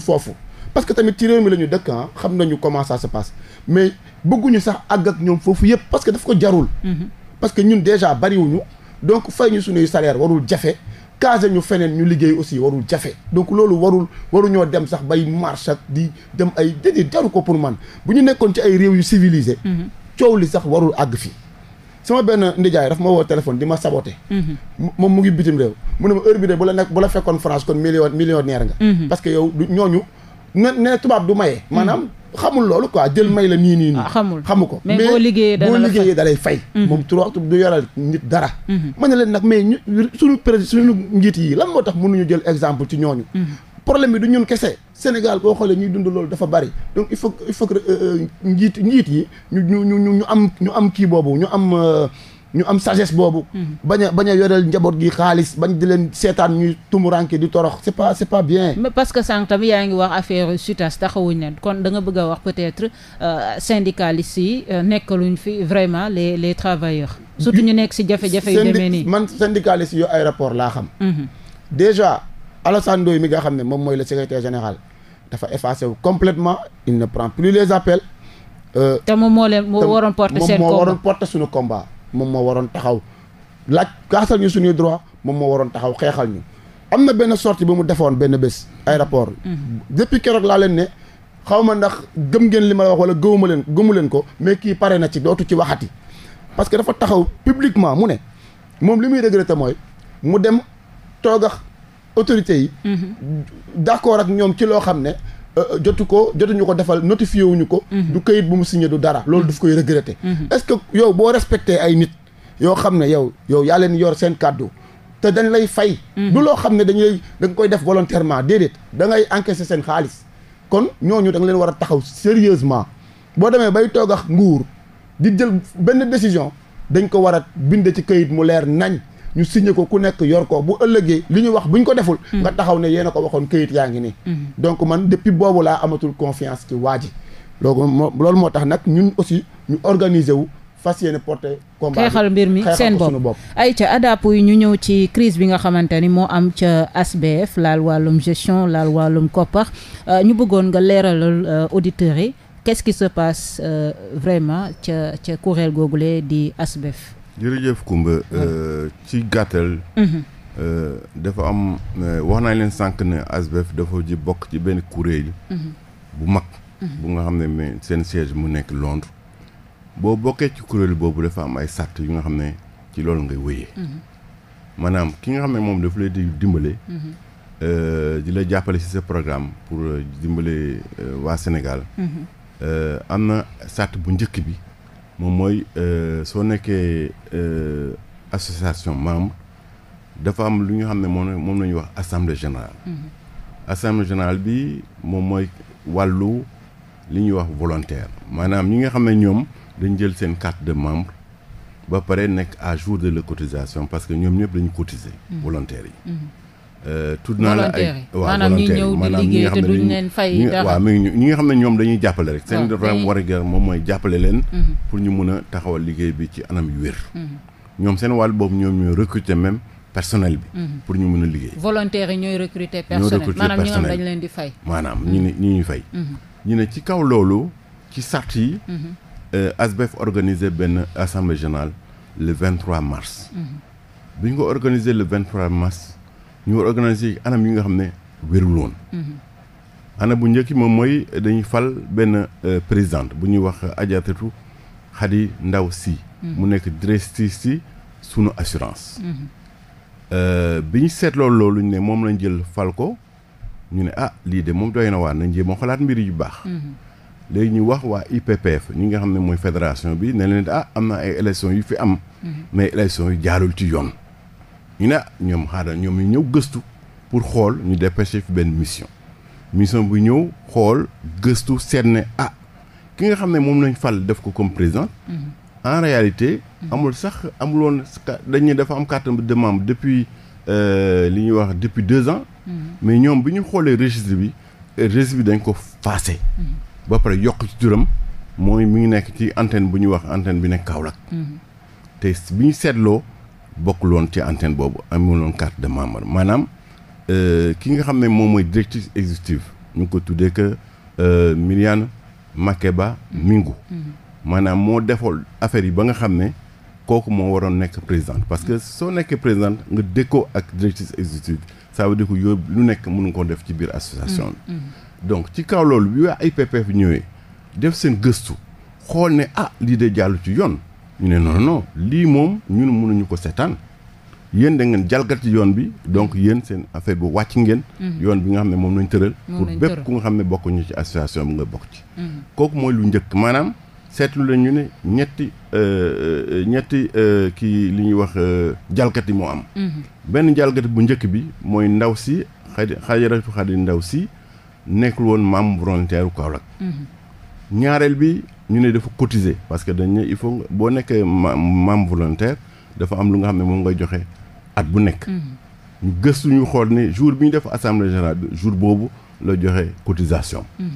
foofu parce que tamit ci réew mi la ñu dëkk ah xam nañu comment ça se passe mais bëgguñu sax àgg ñoom foofu yëpp parce que daf ko jarul. Hmm. parce que ñun déjà bariwuñu. donc fay ñu suñuy salaire warul jafe case ñu feneen ñu liggéey aussi warul jafe donc loolu warul waruñoo dem sax bay marche di dem ay déedéet jaru ko pour man bu ñu nekkoon ci ay réew yu civilisé mhm. coow li sax warul àgg fi sama benn ndijaay daf ma woo téléphone di ma saboté mhm. moom mu ngi bitim réew mu ne ma heure bi de bu la nekk bu la fekkoon France kon million millionnaire nga mhm. parce que yow du ñooñu ne ne tubaab du maye maanaam xamul loolu quoi jël may la nii nii nii. Ah, xamul xamu ko mais boo liggéeyee da lay da lay fay. Mhm. moom trois du yoral nit dara. Mhm. ma ne leen nag mais ñu suñu président suñu njiit yi lan moo tax mënuñu jël exemple ci ñooñu. Mhm. problème bi du ñun kese Sénégal boo xoolee ñuy dund loolu dafa bari donc il faut il faut que euh, euh, njiit njiit yi ñu ñu ñu ñu am ñu am kii boobu ñu am. Euh, ñu am sagesse boobu. Mhm. bañ a bañ a yoreel njaboot gi xaalis bañ di leen seetaan ñuy tumuranke di torox c'est pas c'est pas bien. mais parce que sànq tamit yaa ngi wax affaire SUTAS taxawuñ leen kon da nga bëgg a wax peut-être euh, syndicalistes yi euh, nekkaluñ fi vraiment les les travailleurs. surtout ñu nekk ci jafe-jafe yu demee nii. man syndicalistes yu ay rapport laa xam. Mhm. déjà Alassane Ndoye mi nga xam ne moom mooy la secrétaire général dafa effacé wu complètement il ne prend plus les appels. Euh, te moo leen moo waroon porter seen combat suñu combat. moom moo waroon taxaw laaj kaasal ñu suñuy droit moom moo waroon taxaw xeexal ñu am na benn sortie bi mu defoon benn bés aéroport mhm. depuis keroog laa leen ne xaw ma ndax gëm ngeen li ma wax wala gëwuma leen gëmu leen ko mais kii pare na ci dootu ci waxati parce que dafa taxaw publiquement mu ne moom li muy te mooy mu dem toogax autorités yi mhm. d'accord ak ñoom ci loo xam ne Euh, euh, jotu ko jotuñu ko defal notifié wuñu ko. Mhm. du kayit bu mu signé du dara. loolu mhm. daf koy regretter. Mhm. est-ce que yow boo respecté ay nit yoo xam ne yow yow yaa leen yor seen kàddu. te dañ lay fay. du loo xam ne dañ lay da nga koy def volontairement déedéet da ngay encaisser seen xaalis. kon ñooñu da nga leen war a taxaw sérieusement boo demee bay toog ak nguur di jël benn décision dañ ko war a bind ci kayit mu leer nañ. ñu signé ko ku nekk yor ko bu ëllëgee li ñu wax buñ ko deful. Mm. nga taxaw ne yéen ko waxoon këyit yaa ngi nii. Mm. donc man depuis boobu laa amatul confiance ci waa ji. loolu moo loolu moo tax nag ñun aussi ñu organiser wu. fas yéene porté combat xeexal mbir mi seen bopp ay ca adap yi ñu ñëw ci crise bi nga xamante ni moo am ca ASBEF laal wàllum gestion laal wàllum koppax euh, ñu bëggoon nga leeralal euh, auditeurs yi qu'est-ce qui se passe euh, vraiment ca ca googu googule di ASBEF jërëjëf Koumba euh, ci gàttal. Mhm. Euh, dafa am euh, wax naa leen sànq ne ASBEF dafa ji bokk ci benn kuréel. Mhm. bu mag. Mhm. bu nga xam ne seen siège mu nekk Londres. boo bokkee ci kuréel boobu dafa am ay sàrt yu nga xam ne ci loolu ngay wéyee. maanaam ki nga xam ne moom dafa lay di dimbale. di la jàppale ci sa programme pour dimbale waa Sénégal. am na sàrt bu njëkk bi. moom mooy euh, soo nekkee euh, association membre dafa am lu ñu xam ne moom moom la ñuy wax assemblée générale. Mm-hmm. assemblée générale bi moom mooy wàllu li ñuy wax volontaire maanaam ñi nga xam ne ñoom dañ jël seen carte de membre ba pare nekk à jour de la cotisation parce que ñoom ñëpp dañu cotiser mm-hmm. volontaires yi. Mm-hmm. Euh, tout naa la ay waaw volontaire maanaam ñi nga xam ne duñ leen fay dara waaw ñi nga xam ne ñoom dañuy jàppale rek seen dafa war a gër moom mooy jàppale leen mhm. pour ñu mun a taxawal liggéey bi ci anam yu wér mhm. ñoom seen wàll boobu ñoom ñooy recruter même personnel bi mhm. pour ñu mun a liggéey volontaire yi ñooy recruter personnel maanaam fay maanaam ñu ne ñu ñuy fay ñu ne ci kaw loolu ci sart yi euh, ASBEF organisé benn assemblée générale le 23 mars bi ñu ko organisé le 23 mars ñu war organiser anam yi nga xam ne wérul woon. ana bu njëkk moom mooy dañuy fal benn euh, présidente bu ñuy wax Ajaratu Xadi Ndaw Si. mu nekk directrice si sunu assurance. Euh, bi ñu seetloo loolu ñu ne moom lañ jël fal ko ñu ne ah lii de moom doy na waar nañ jéem moo xalaat mbir yu baax. léegi ñu wax waa IPPF ñi nga xam ne mooy fédération bi ne leen ah am na ay élections yu fi am. Mhm. mais élections yu jaarul ci yoon. ñu ne ñoom xaaral ñoom ñu ñëw gëstu pour xool ñu dépêché fi benn mission mission bu ñëw xool gëstu seet ne ah ki nga xam ne moom lañ fal def ko comme président mm-hmm. en réalité amul sax amuloon woon dañu dafa am carte de membre depuis euh, li ñuy wax depuis deux ans mm-hmm. mais ñoom bi ñu xoolee registre bi registre bi dañ ko faase mm-hmm. ba pare yokk ci turam mooy mi ngi nekk ci antenne bu ñuy wax antenne bi nekk Kaolack te bi ñu seetloo bokkul woon ci antenne boobu amul woon carte de membre maanaam euh, ki nga xam ne moom mooy directrice exécutive ñu ngi ko tuddee que euh, Miriane Makeba Mingu. Mm-hmm. maanaam moo defool affaire yi ba nga xam ne kooku moo waroon nekk présidente parce que soo nekkee présidente nga déggoo ak directrice exécutive ça veut dire que lu nekk mënu ko def ci biir association bi. Mm-hmm. Mm-hmm. donc ci kaw loolu bi ay waa IPPF ñëwee def seen gëstu xool ne ah lii de jàll ci yoon. ñu ne non non lii moom ñun mënuñu ko seetaan yéen da ngeen jalgati yoon bi donc yéen seen affaire bu wàcc ngeen. Mhm. yoon bi nga xam ne moom lañ tëral. pour bépp ku nga xam ne bokkuñu ci association bi nga bokk ci. Mhm. kooku mooy lu njëkk maanaam seetlu la ñu ne ñetti euh, euh, ñetti euh, kii li ñuy wax jalgati moo am. Mhm. benn jalgati bu njëkk bi mooy ndaw si xadi xajaratu xadi ndaw si nekkul woon membre volontaire Kaolack. ñaareel bi. ñu ne dafa cotiser parce que dañ ne il faut boo nekkee membre volontaire dafa am lu nga xam ne moom ngay joxe at bu nekk. Mhm. ñu gëstu ñu xool ne jour bi ñu def assemblée générale jour boobu la joxe cotisation. Mhm.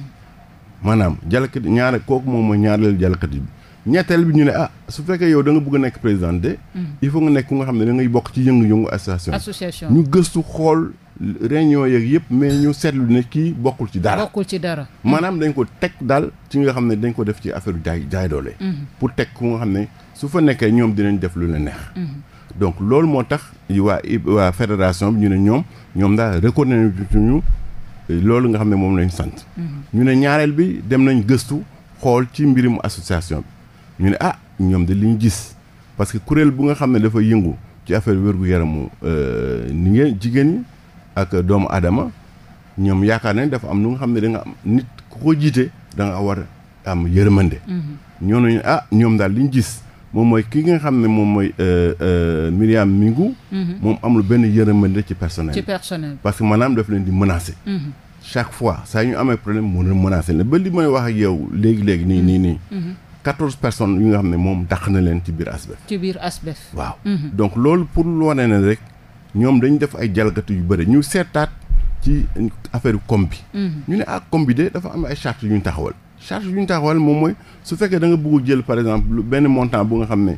maanaam jàllkat ñaare kooku moom mooy ñaareelu jàllkat bi ñetteel bi ñu ne ah su fekkee yow da nga bëgg a nekk président de. Mhm. il faut nga nekk ku nga xam ne da ngay bokk ci yëngu-yëngu association. association ñu gëstu xool réunion yeeg yëpp mais ñu seetlu ne kii bokkul ci dara. bokkul ci dara. maanaam dañ ko teg daal ci nga xam ne dañ ko def ci affaire jaay jaay doole. Mhm. pour teg ku nga xam ne su fa nekkee ñoom dinañ def lu la neex. Mhm. donc loolu moo tax waa waa fédération bi ñu ne ñoom ñoom daal reconnaître ñu euh, loolu nga xam ne moom lañ sant. Mhm. ñu ne ñaareel bi dem nañ gëstu xool ci mbirum association bi ñu ne ah ñoom de li gis parce que kuréel bu nga xam ne dafa yëngu ci affaire wér-gu-yaramu euh, ni jigéen ñi. ak doomu adama ñoom yaakaar nañ dafa am nu nga xam ne danga am nit ku ko jiite da nga war am yërmande. Mhm. ñooñu ah ñoom daal li ñu gis moom mooy ki nga xam ne moom mooy euh, euh, Myriam Mingu. Mhm. moom amul benn yërmande ci personnel ci personnel parce que maanaam daf leen di menacer. Mhm. chaque fois saa ñu amee problème mu menacer leen ba li may wax ak yow léegi léegi nii nii nii. quatorze personnes yi nga xam ne moom dàq na leen ci biir ASBEF. ci biir ASBEF. waaw donc loolu pour lu wane ne rek. ñoom dañu def ay jalgati yu bëri ñu seetaat ci affaire com bi. Mhm. ñu ne ah com bi de dafa am ay charges yu taxawal. charge yu ñu taxawal moom mooy su fekkee danga nga jël par exemple benn montant bu nga xam ne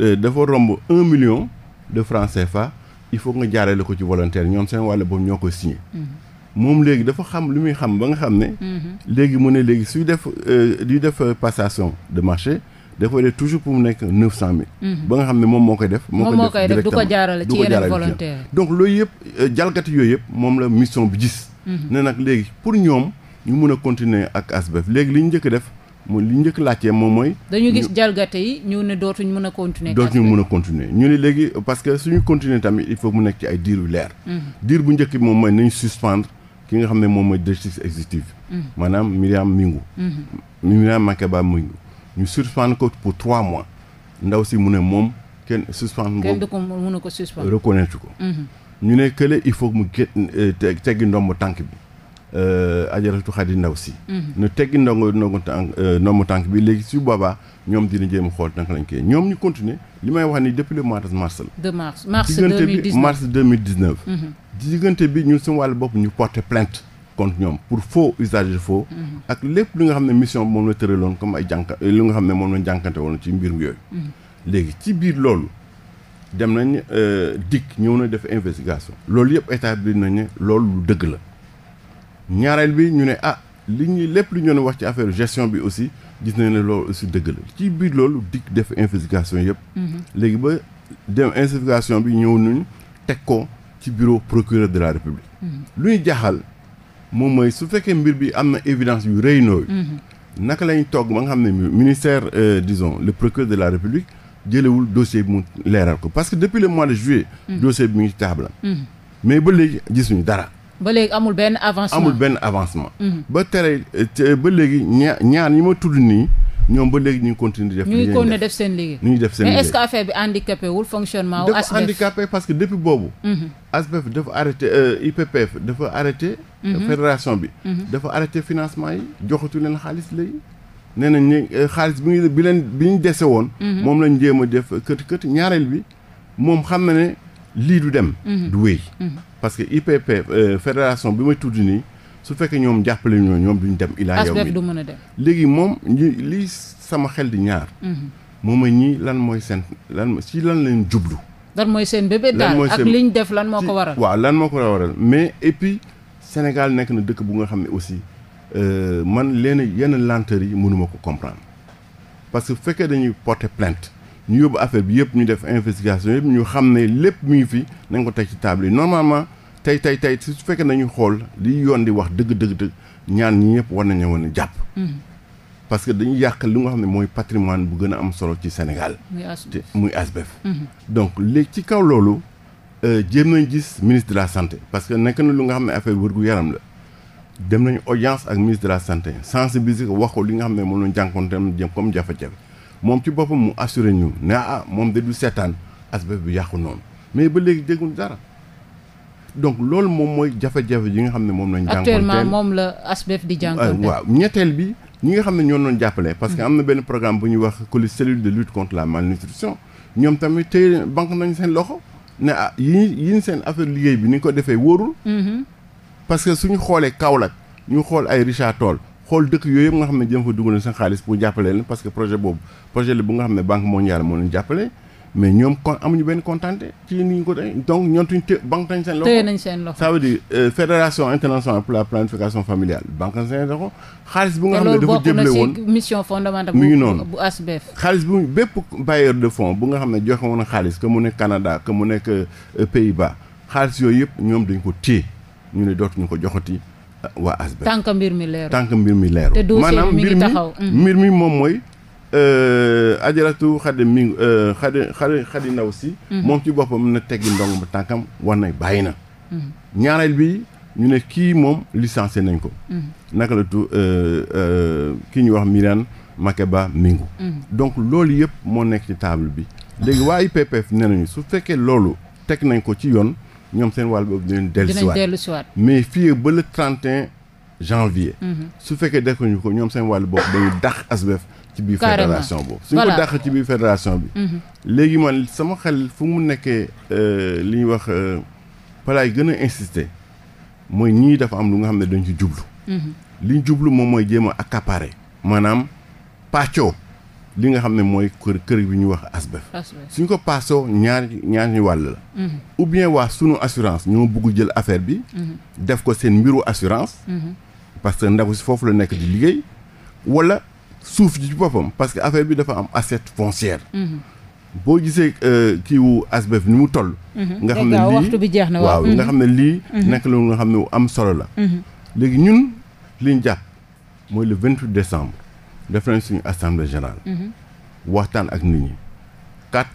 euh, dafa romb un million de francs fa il faut nga jaarale ko ci volontaire ñoom seen wàll boobu ñoo koy signé. Mhm. moom léegi dafa xam lu muy xam ba nga xam ne. Mhm. léegi mu ne léegi suy def euh, di def passation de marché. dafa def toujours pour mu nekk neuf cent mille. Mhm. ba nga xam ne moom moo koy def. moo koy def du ko jaarale ci yeneen volontaire donc loolu yëpp euh, jalgati yooyu yëpp moom la mission bi gis. Mhm. ne nag léegi pour ñoom ñu mun a continuer ak ASBEF léegi li ñu njëkk def mooy li njëkk laajtee moom mooy. dañu gis jalgate yi ñu ne dootuñ mun a mun a continuer ñu ne léegi parce que suñu continuer tamit il faut mu nekk ci ay diir yu leer. Mhm. diir bu njëkk bi moom mooy nañu suspendre ki nga xam ne moom mooy directrice exécutive. maanaam Myriam Mingu. Myriam Makeba Mingu. ñu suspendre ko pour trois mois ndaw si mu ne moom kenn suspendre. kenn du ko mën a ko suspendre reconnaître ko. Mhm. ñu ne kële il faut mu gét euh, teggi ndomb tànk bi. Euh, ajaratu xarit ndaw si. ñu mhm. teggi euh, ndomb tànk bi léegi su boobaa ñoom dina jéem a xool naka lañ koy ñoom ñu continuer li may wax ni depuis le mois de mars la. de mars mars deux mille dix diggante bi mars deux mille dix neuf. Mhm. diggante bi ñun suñu wàllu bopp ñu porter plainte. contre ñoom pour faux usage de faux. Mm-hmm. ak lépp li nga xam ne mission moom la tëraloon comme ay jànka euh, li nga xam ne moom la jànkante woon ci mbir mi yooyu. Mm-hmm. léegi ci biir loolu dem nañ euh, dikk ñëw na def investigation. loolu yëpp établi nañ ne loolu dëgg la ñaareel bi ñu ne ah li ñuy lépp lu ñu doon wax ci affaire gestion bi aussi gis nañ ne loolu aussi dëgg la ci biir loolu dikk def investigation yëpp. Mm-hmm. léegi ba dem investigation bi ñëw nañu teg ko ci bureau procureur de la moom mooy su fekkee mbir bi am na évidence yu rëy nooyu mhm. naka lañ togg ma nga xam ne ministère euh, dison le procureur de la république jëlewul dossier bi mu leeral ko parce que depuis le mois de juillet mhm. dossier bi mu ngi ci mhm. mais ba léegi gisuñu dara ba léegi amul benn avancement amul benn avancement ba euh, tere ba léegi ñaar ñaar ñi ma tudd nii ñoom ba léegi ñu ngi continuer di def. ñu ngi continuer def seen liggéey ñu ngi def seen liggéey mais est bi handicapé wul fonctionnement wu. ASBEF dafa handicapé parce que depuis boobu. Mhm. ASBEF dafa arrêté euh, IPPF dafa arrêté. Euh, mhm. fédération bi. Mhm. dafa arrêté financement yi joxatu leen xaalis léegi. nee euh, xaalis bi bi leen bi ñu dese woon. moom lañ jéem a def kët kët ñaareel bi moom xam na ne lii du dem. du wéy. parce que IPP fédération bi may tudd nii. su fekkee ñoom jàppale ñoo ñoom duñ dem. ilaa yow mi du mën a dem. léegi moom ñu li sama xel di ñaar. Mhm. moom a ñi lan mooy seen lan si lan leen jublu. lan mooy seen bébé daal ak liñ def lan moo ko waral. waaw lan moo ko waral mais et puis Sénégal nekk na dëkk bu nga xam ne aussi euh, man leen yenn lenteur yi mënuma ko comprendre parce que fekkee dañuy porter plainte ñu yóbbu affaire bi yëpp ñu def investigation yëpp ñu xam ne lépp mu ngi fi nañ ko teg ci table yi normalement. tey tey tey su fekkee nañu xool li yoon di wax dëgg dëgg dëgg ñaan ñi ñëpp war nañu woon a jàpp. Hmm. parce que dañuy yàq li nga xam ne mooy patrimoine bu gën a am solo ci Sénégal. muy ASBEF hmm. donc léegi ci kaw loolu euh, jéem nañ gis ministre de la parce que nekk na lu nga xam ne affaire wërgu yaram la dem nañu audience ak ministre de la ko wax li nga xam ne moom lañ jànkoonteem jëm comme jafe-jafe moom ci boppam mu assuré ñu ne ah moom de du seetaan ASBEF bi yàqu noonu mais ba léegi dégguñu dara. donc loolu moom mooy jafe-jafe yi nga xam ne moom lañ jànkonteel actuellement moom la ASBEF di euh, jànkonteel waaw ñetteel bi ñi nga xam ne ñoo doon jàppale parce que am na benn programme bu ñu wax coli cellule de lutte contre la malnutrition ñoom tamit tey banque nañ seen loxo ne ah yi yiñ seen affaire liggéey bi ni ñu ko defee wóorul mm-hmm. parce que suñu xoolee Kaolack ñu xool ay Richard Toll xool dëkk yooyu yëpp nga xam ne jëm fa dugal seen xaalis que projet boobu projet la bu nga xam ne banque mondiale moo leen jàppale mais ñoom kon amuñu benn kontante ci ni ñu ko tey donc ñoontuñ té banque nañ seen loxo téye nañ seen loxo ça veut dire euh, fédération internationale pour la planification familiale banque seen loxo xaalis bu nga xam ne dafa jëble woon mission fondamentale mu ngi noonu bu ASBEF xaalis bu bépp bailleur de fonds bu nga xam ne joxe woon xaalis que mu nekk kanada que mu nekk euh, pays ba xaalis yooyu yëpp ñoom dañ ko téye ñu ne dootuñu ko joxati euh, waa ASBEF tànk mbir mi leeru tànk mbir mi leeru maanaam mbir mi mbir mi moom mooy Euh, ajaratu xadi mi xadi xadi xadi ndaw si. Mhm. moom ci boppa boppam na teggi ndong ba tànkam war na bàyyi na. Mhm. ñaareel bi ñu ne kii moom licencié nañ ko. Mhm. naka la tu euh, euh, kii ñuy wax Miriam Makeba Mingu. donc loolu yëpp moo nekk ci table bi. léegi waa IPPF nee nañu su fekkee loolu teg nañ ko ci yoon ñoom seen wàll boobu dinañ dellusiwaat mais fii ba le 31 janvier. su fekkee def ko ñoom seen wàll boobu dañuy dax asbef ci biir fédération boobu suñ ko dàq ci biir fédération bi mhm. léegi man sama xel fu mu nekkee euh, li ñuy wax euh, palaay gën a insisté mooy ñii dafa am lu nga xam ne dañ ci jublu mhm. li ñu jublu moom mooy jéem a accaparer maanaam pàccoo li nga xam ne mooy kër kër bi ñu wax asbef suñ ko paasoo ñaar ñaar ñu wàll la mhm. ou bien waa sunu assurance ñoo bugg jël affaire bi def ko seen mbiru assurance parce que si foofu la nekk di liggéey wala suuf ji ci boppam parce que affaire bi dafa am assiette foncière. Mm-hmm. boo gisee euh, kii wu asbef ni mu toll. Mm-hmm. nga xam ne lii jeex na waaw nga xam ne lii. Mm-hmm. nekk lu nga xam ne am solo la. léegi ñun li ñu jàpp mooy le vingt huit décembre def nañ suñu assemblée générale. waxtaan ak nit ñi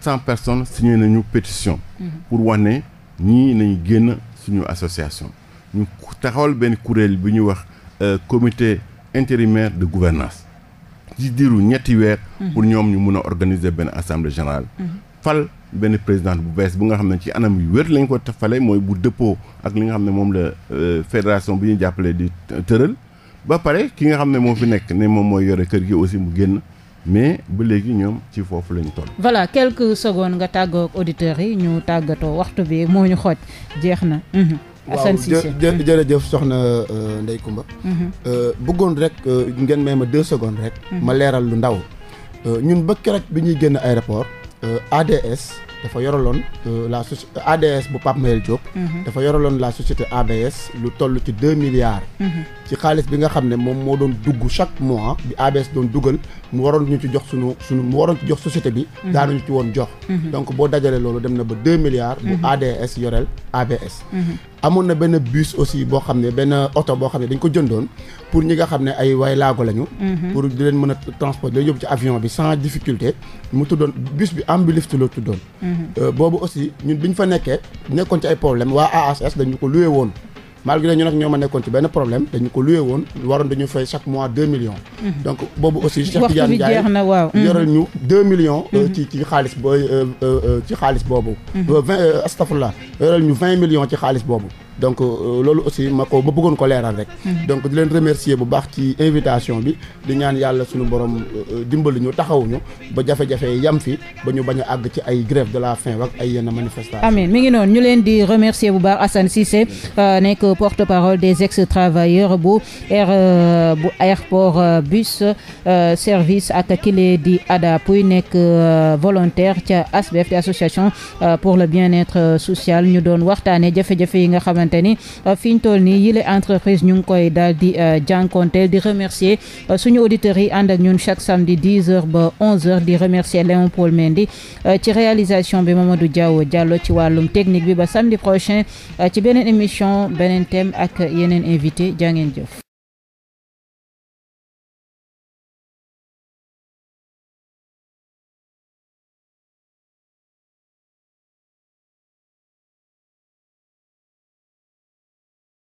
cent personnes signé nañu pétition. pour wax ne ñii nañu génn suñu association. ñu taxawal benn kuréel bi ñuy wax euh, comité intérimaire de gouvernance ci diiru ñetti weer. pour ñoom ñu mun a organiser benn assemblée générale. fal benn président bu bees bu nga xam ne ci anam yu wér lañ ko fale mooy bu dëppoo ak li nga xam ne moom la euh, fédération bi ñu jàppale di tëral. ba pare ki nga xam ne moo fi nekk ne moom mooy yore kër gi aussi mu génn. mais ba léegi ñoom ci foofu lañu toll. voilà quelques secondes nga tàggoog auditeurs yi ñu tàggatoo waxtu bi moo ñu xooj jeex na. Assane Cissé waaw mm. jërëjëf soxna euh, ndey Comba. Mm-hmm. Euh, bëggoon rek euh, ngeen may ma deux secondes rek. Mm-hmm. ma leeral lu ndaw. ñun ba keroog bi ñuy génn aéroport ADS dafa yoraloon la soci ADS bu Pape Mayel mm-hmm. dafa yoraloon la société ABS lu toll ci deux milliards. ci xaalis bi nga xam ne moom moo doon dugg chaque mois bi ABS doon dugal mu waroon ñu ci jox sunu sunu mu waroon ci jox société bi. daanuñu ci woon jox. donc boo dajalee loolu dem na ba deux milliards. bu ADS yorel ABS. amoon na benn bus aussi boo xam ne benn oto boo xam ne dañ ko jëndoon pour ñi nga xam ne ay waay lañu. Mhm. pour di leen mën a transport di leen yóbbu ci avion bi sans difficulté mu tuddoon bus bi Ambilift la tuddoon. Mhm. Euh, boobu aussi ñun bi ñu fa nekkee nekkoon ci ay problème waa ASS dañu ko loué woon. malgré ñu nag ñoo ma nekkoon ci benn problème dañu ko loué woon waroon dañu fay chaque mois 2 millions mhm. donc boobu aussi Cheikh Tidiane Ndiaye mhm. yoral ñu 2 millions euh, mhm. ci xaalis bo euh, euh, ci xaalis boobu vingt astafurlah yoral ñu 20 millions ci xaalis boobu donc euh, loolu aussi ma ko ba bëggoon ko leeral rek. Mm-hmm. donc di leen remercier bu baax ci invitation bi di ñaan yàlla suñu borom euh, euh, dimbali ñu taxawuñu ba jafe-jafe yam fi ba ñu bañ àgg ci ay grève de la faim ak ay yenn manifestation amiin mi ngi noonu ñu leen di remercier bu baax Assane Cissé mm-hmm. nekk porte parole des ex travailleurs bu air bu airport bus service ak kile di ADA puy nekk volontaire ca ASBEF di association pour le bien-être social ñu doon xamante ni euh, fi ñu toll nii yile entreprise ñu ngi koy daal di euh, jànkonteel di remercier euh, suñu auditeurs yi ànd ak ñun chaque samedi 10 heures ba 11 heures di remercier Léon Paul Mendy ci réalisation bi du Diaw Diallo ci wàllum technique bi ba samedi prochain ci beneen émission beneen thème ak yeneen invité jaa ngeen jëf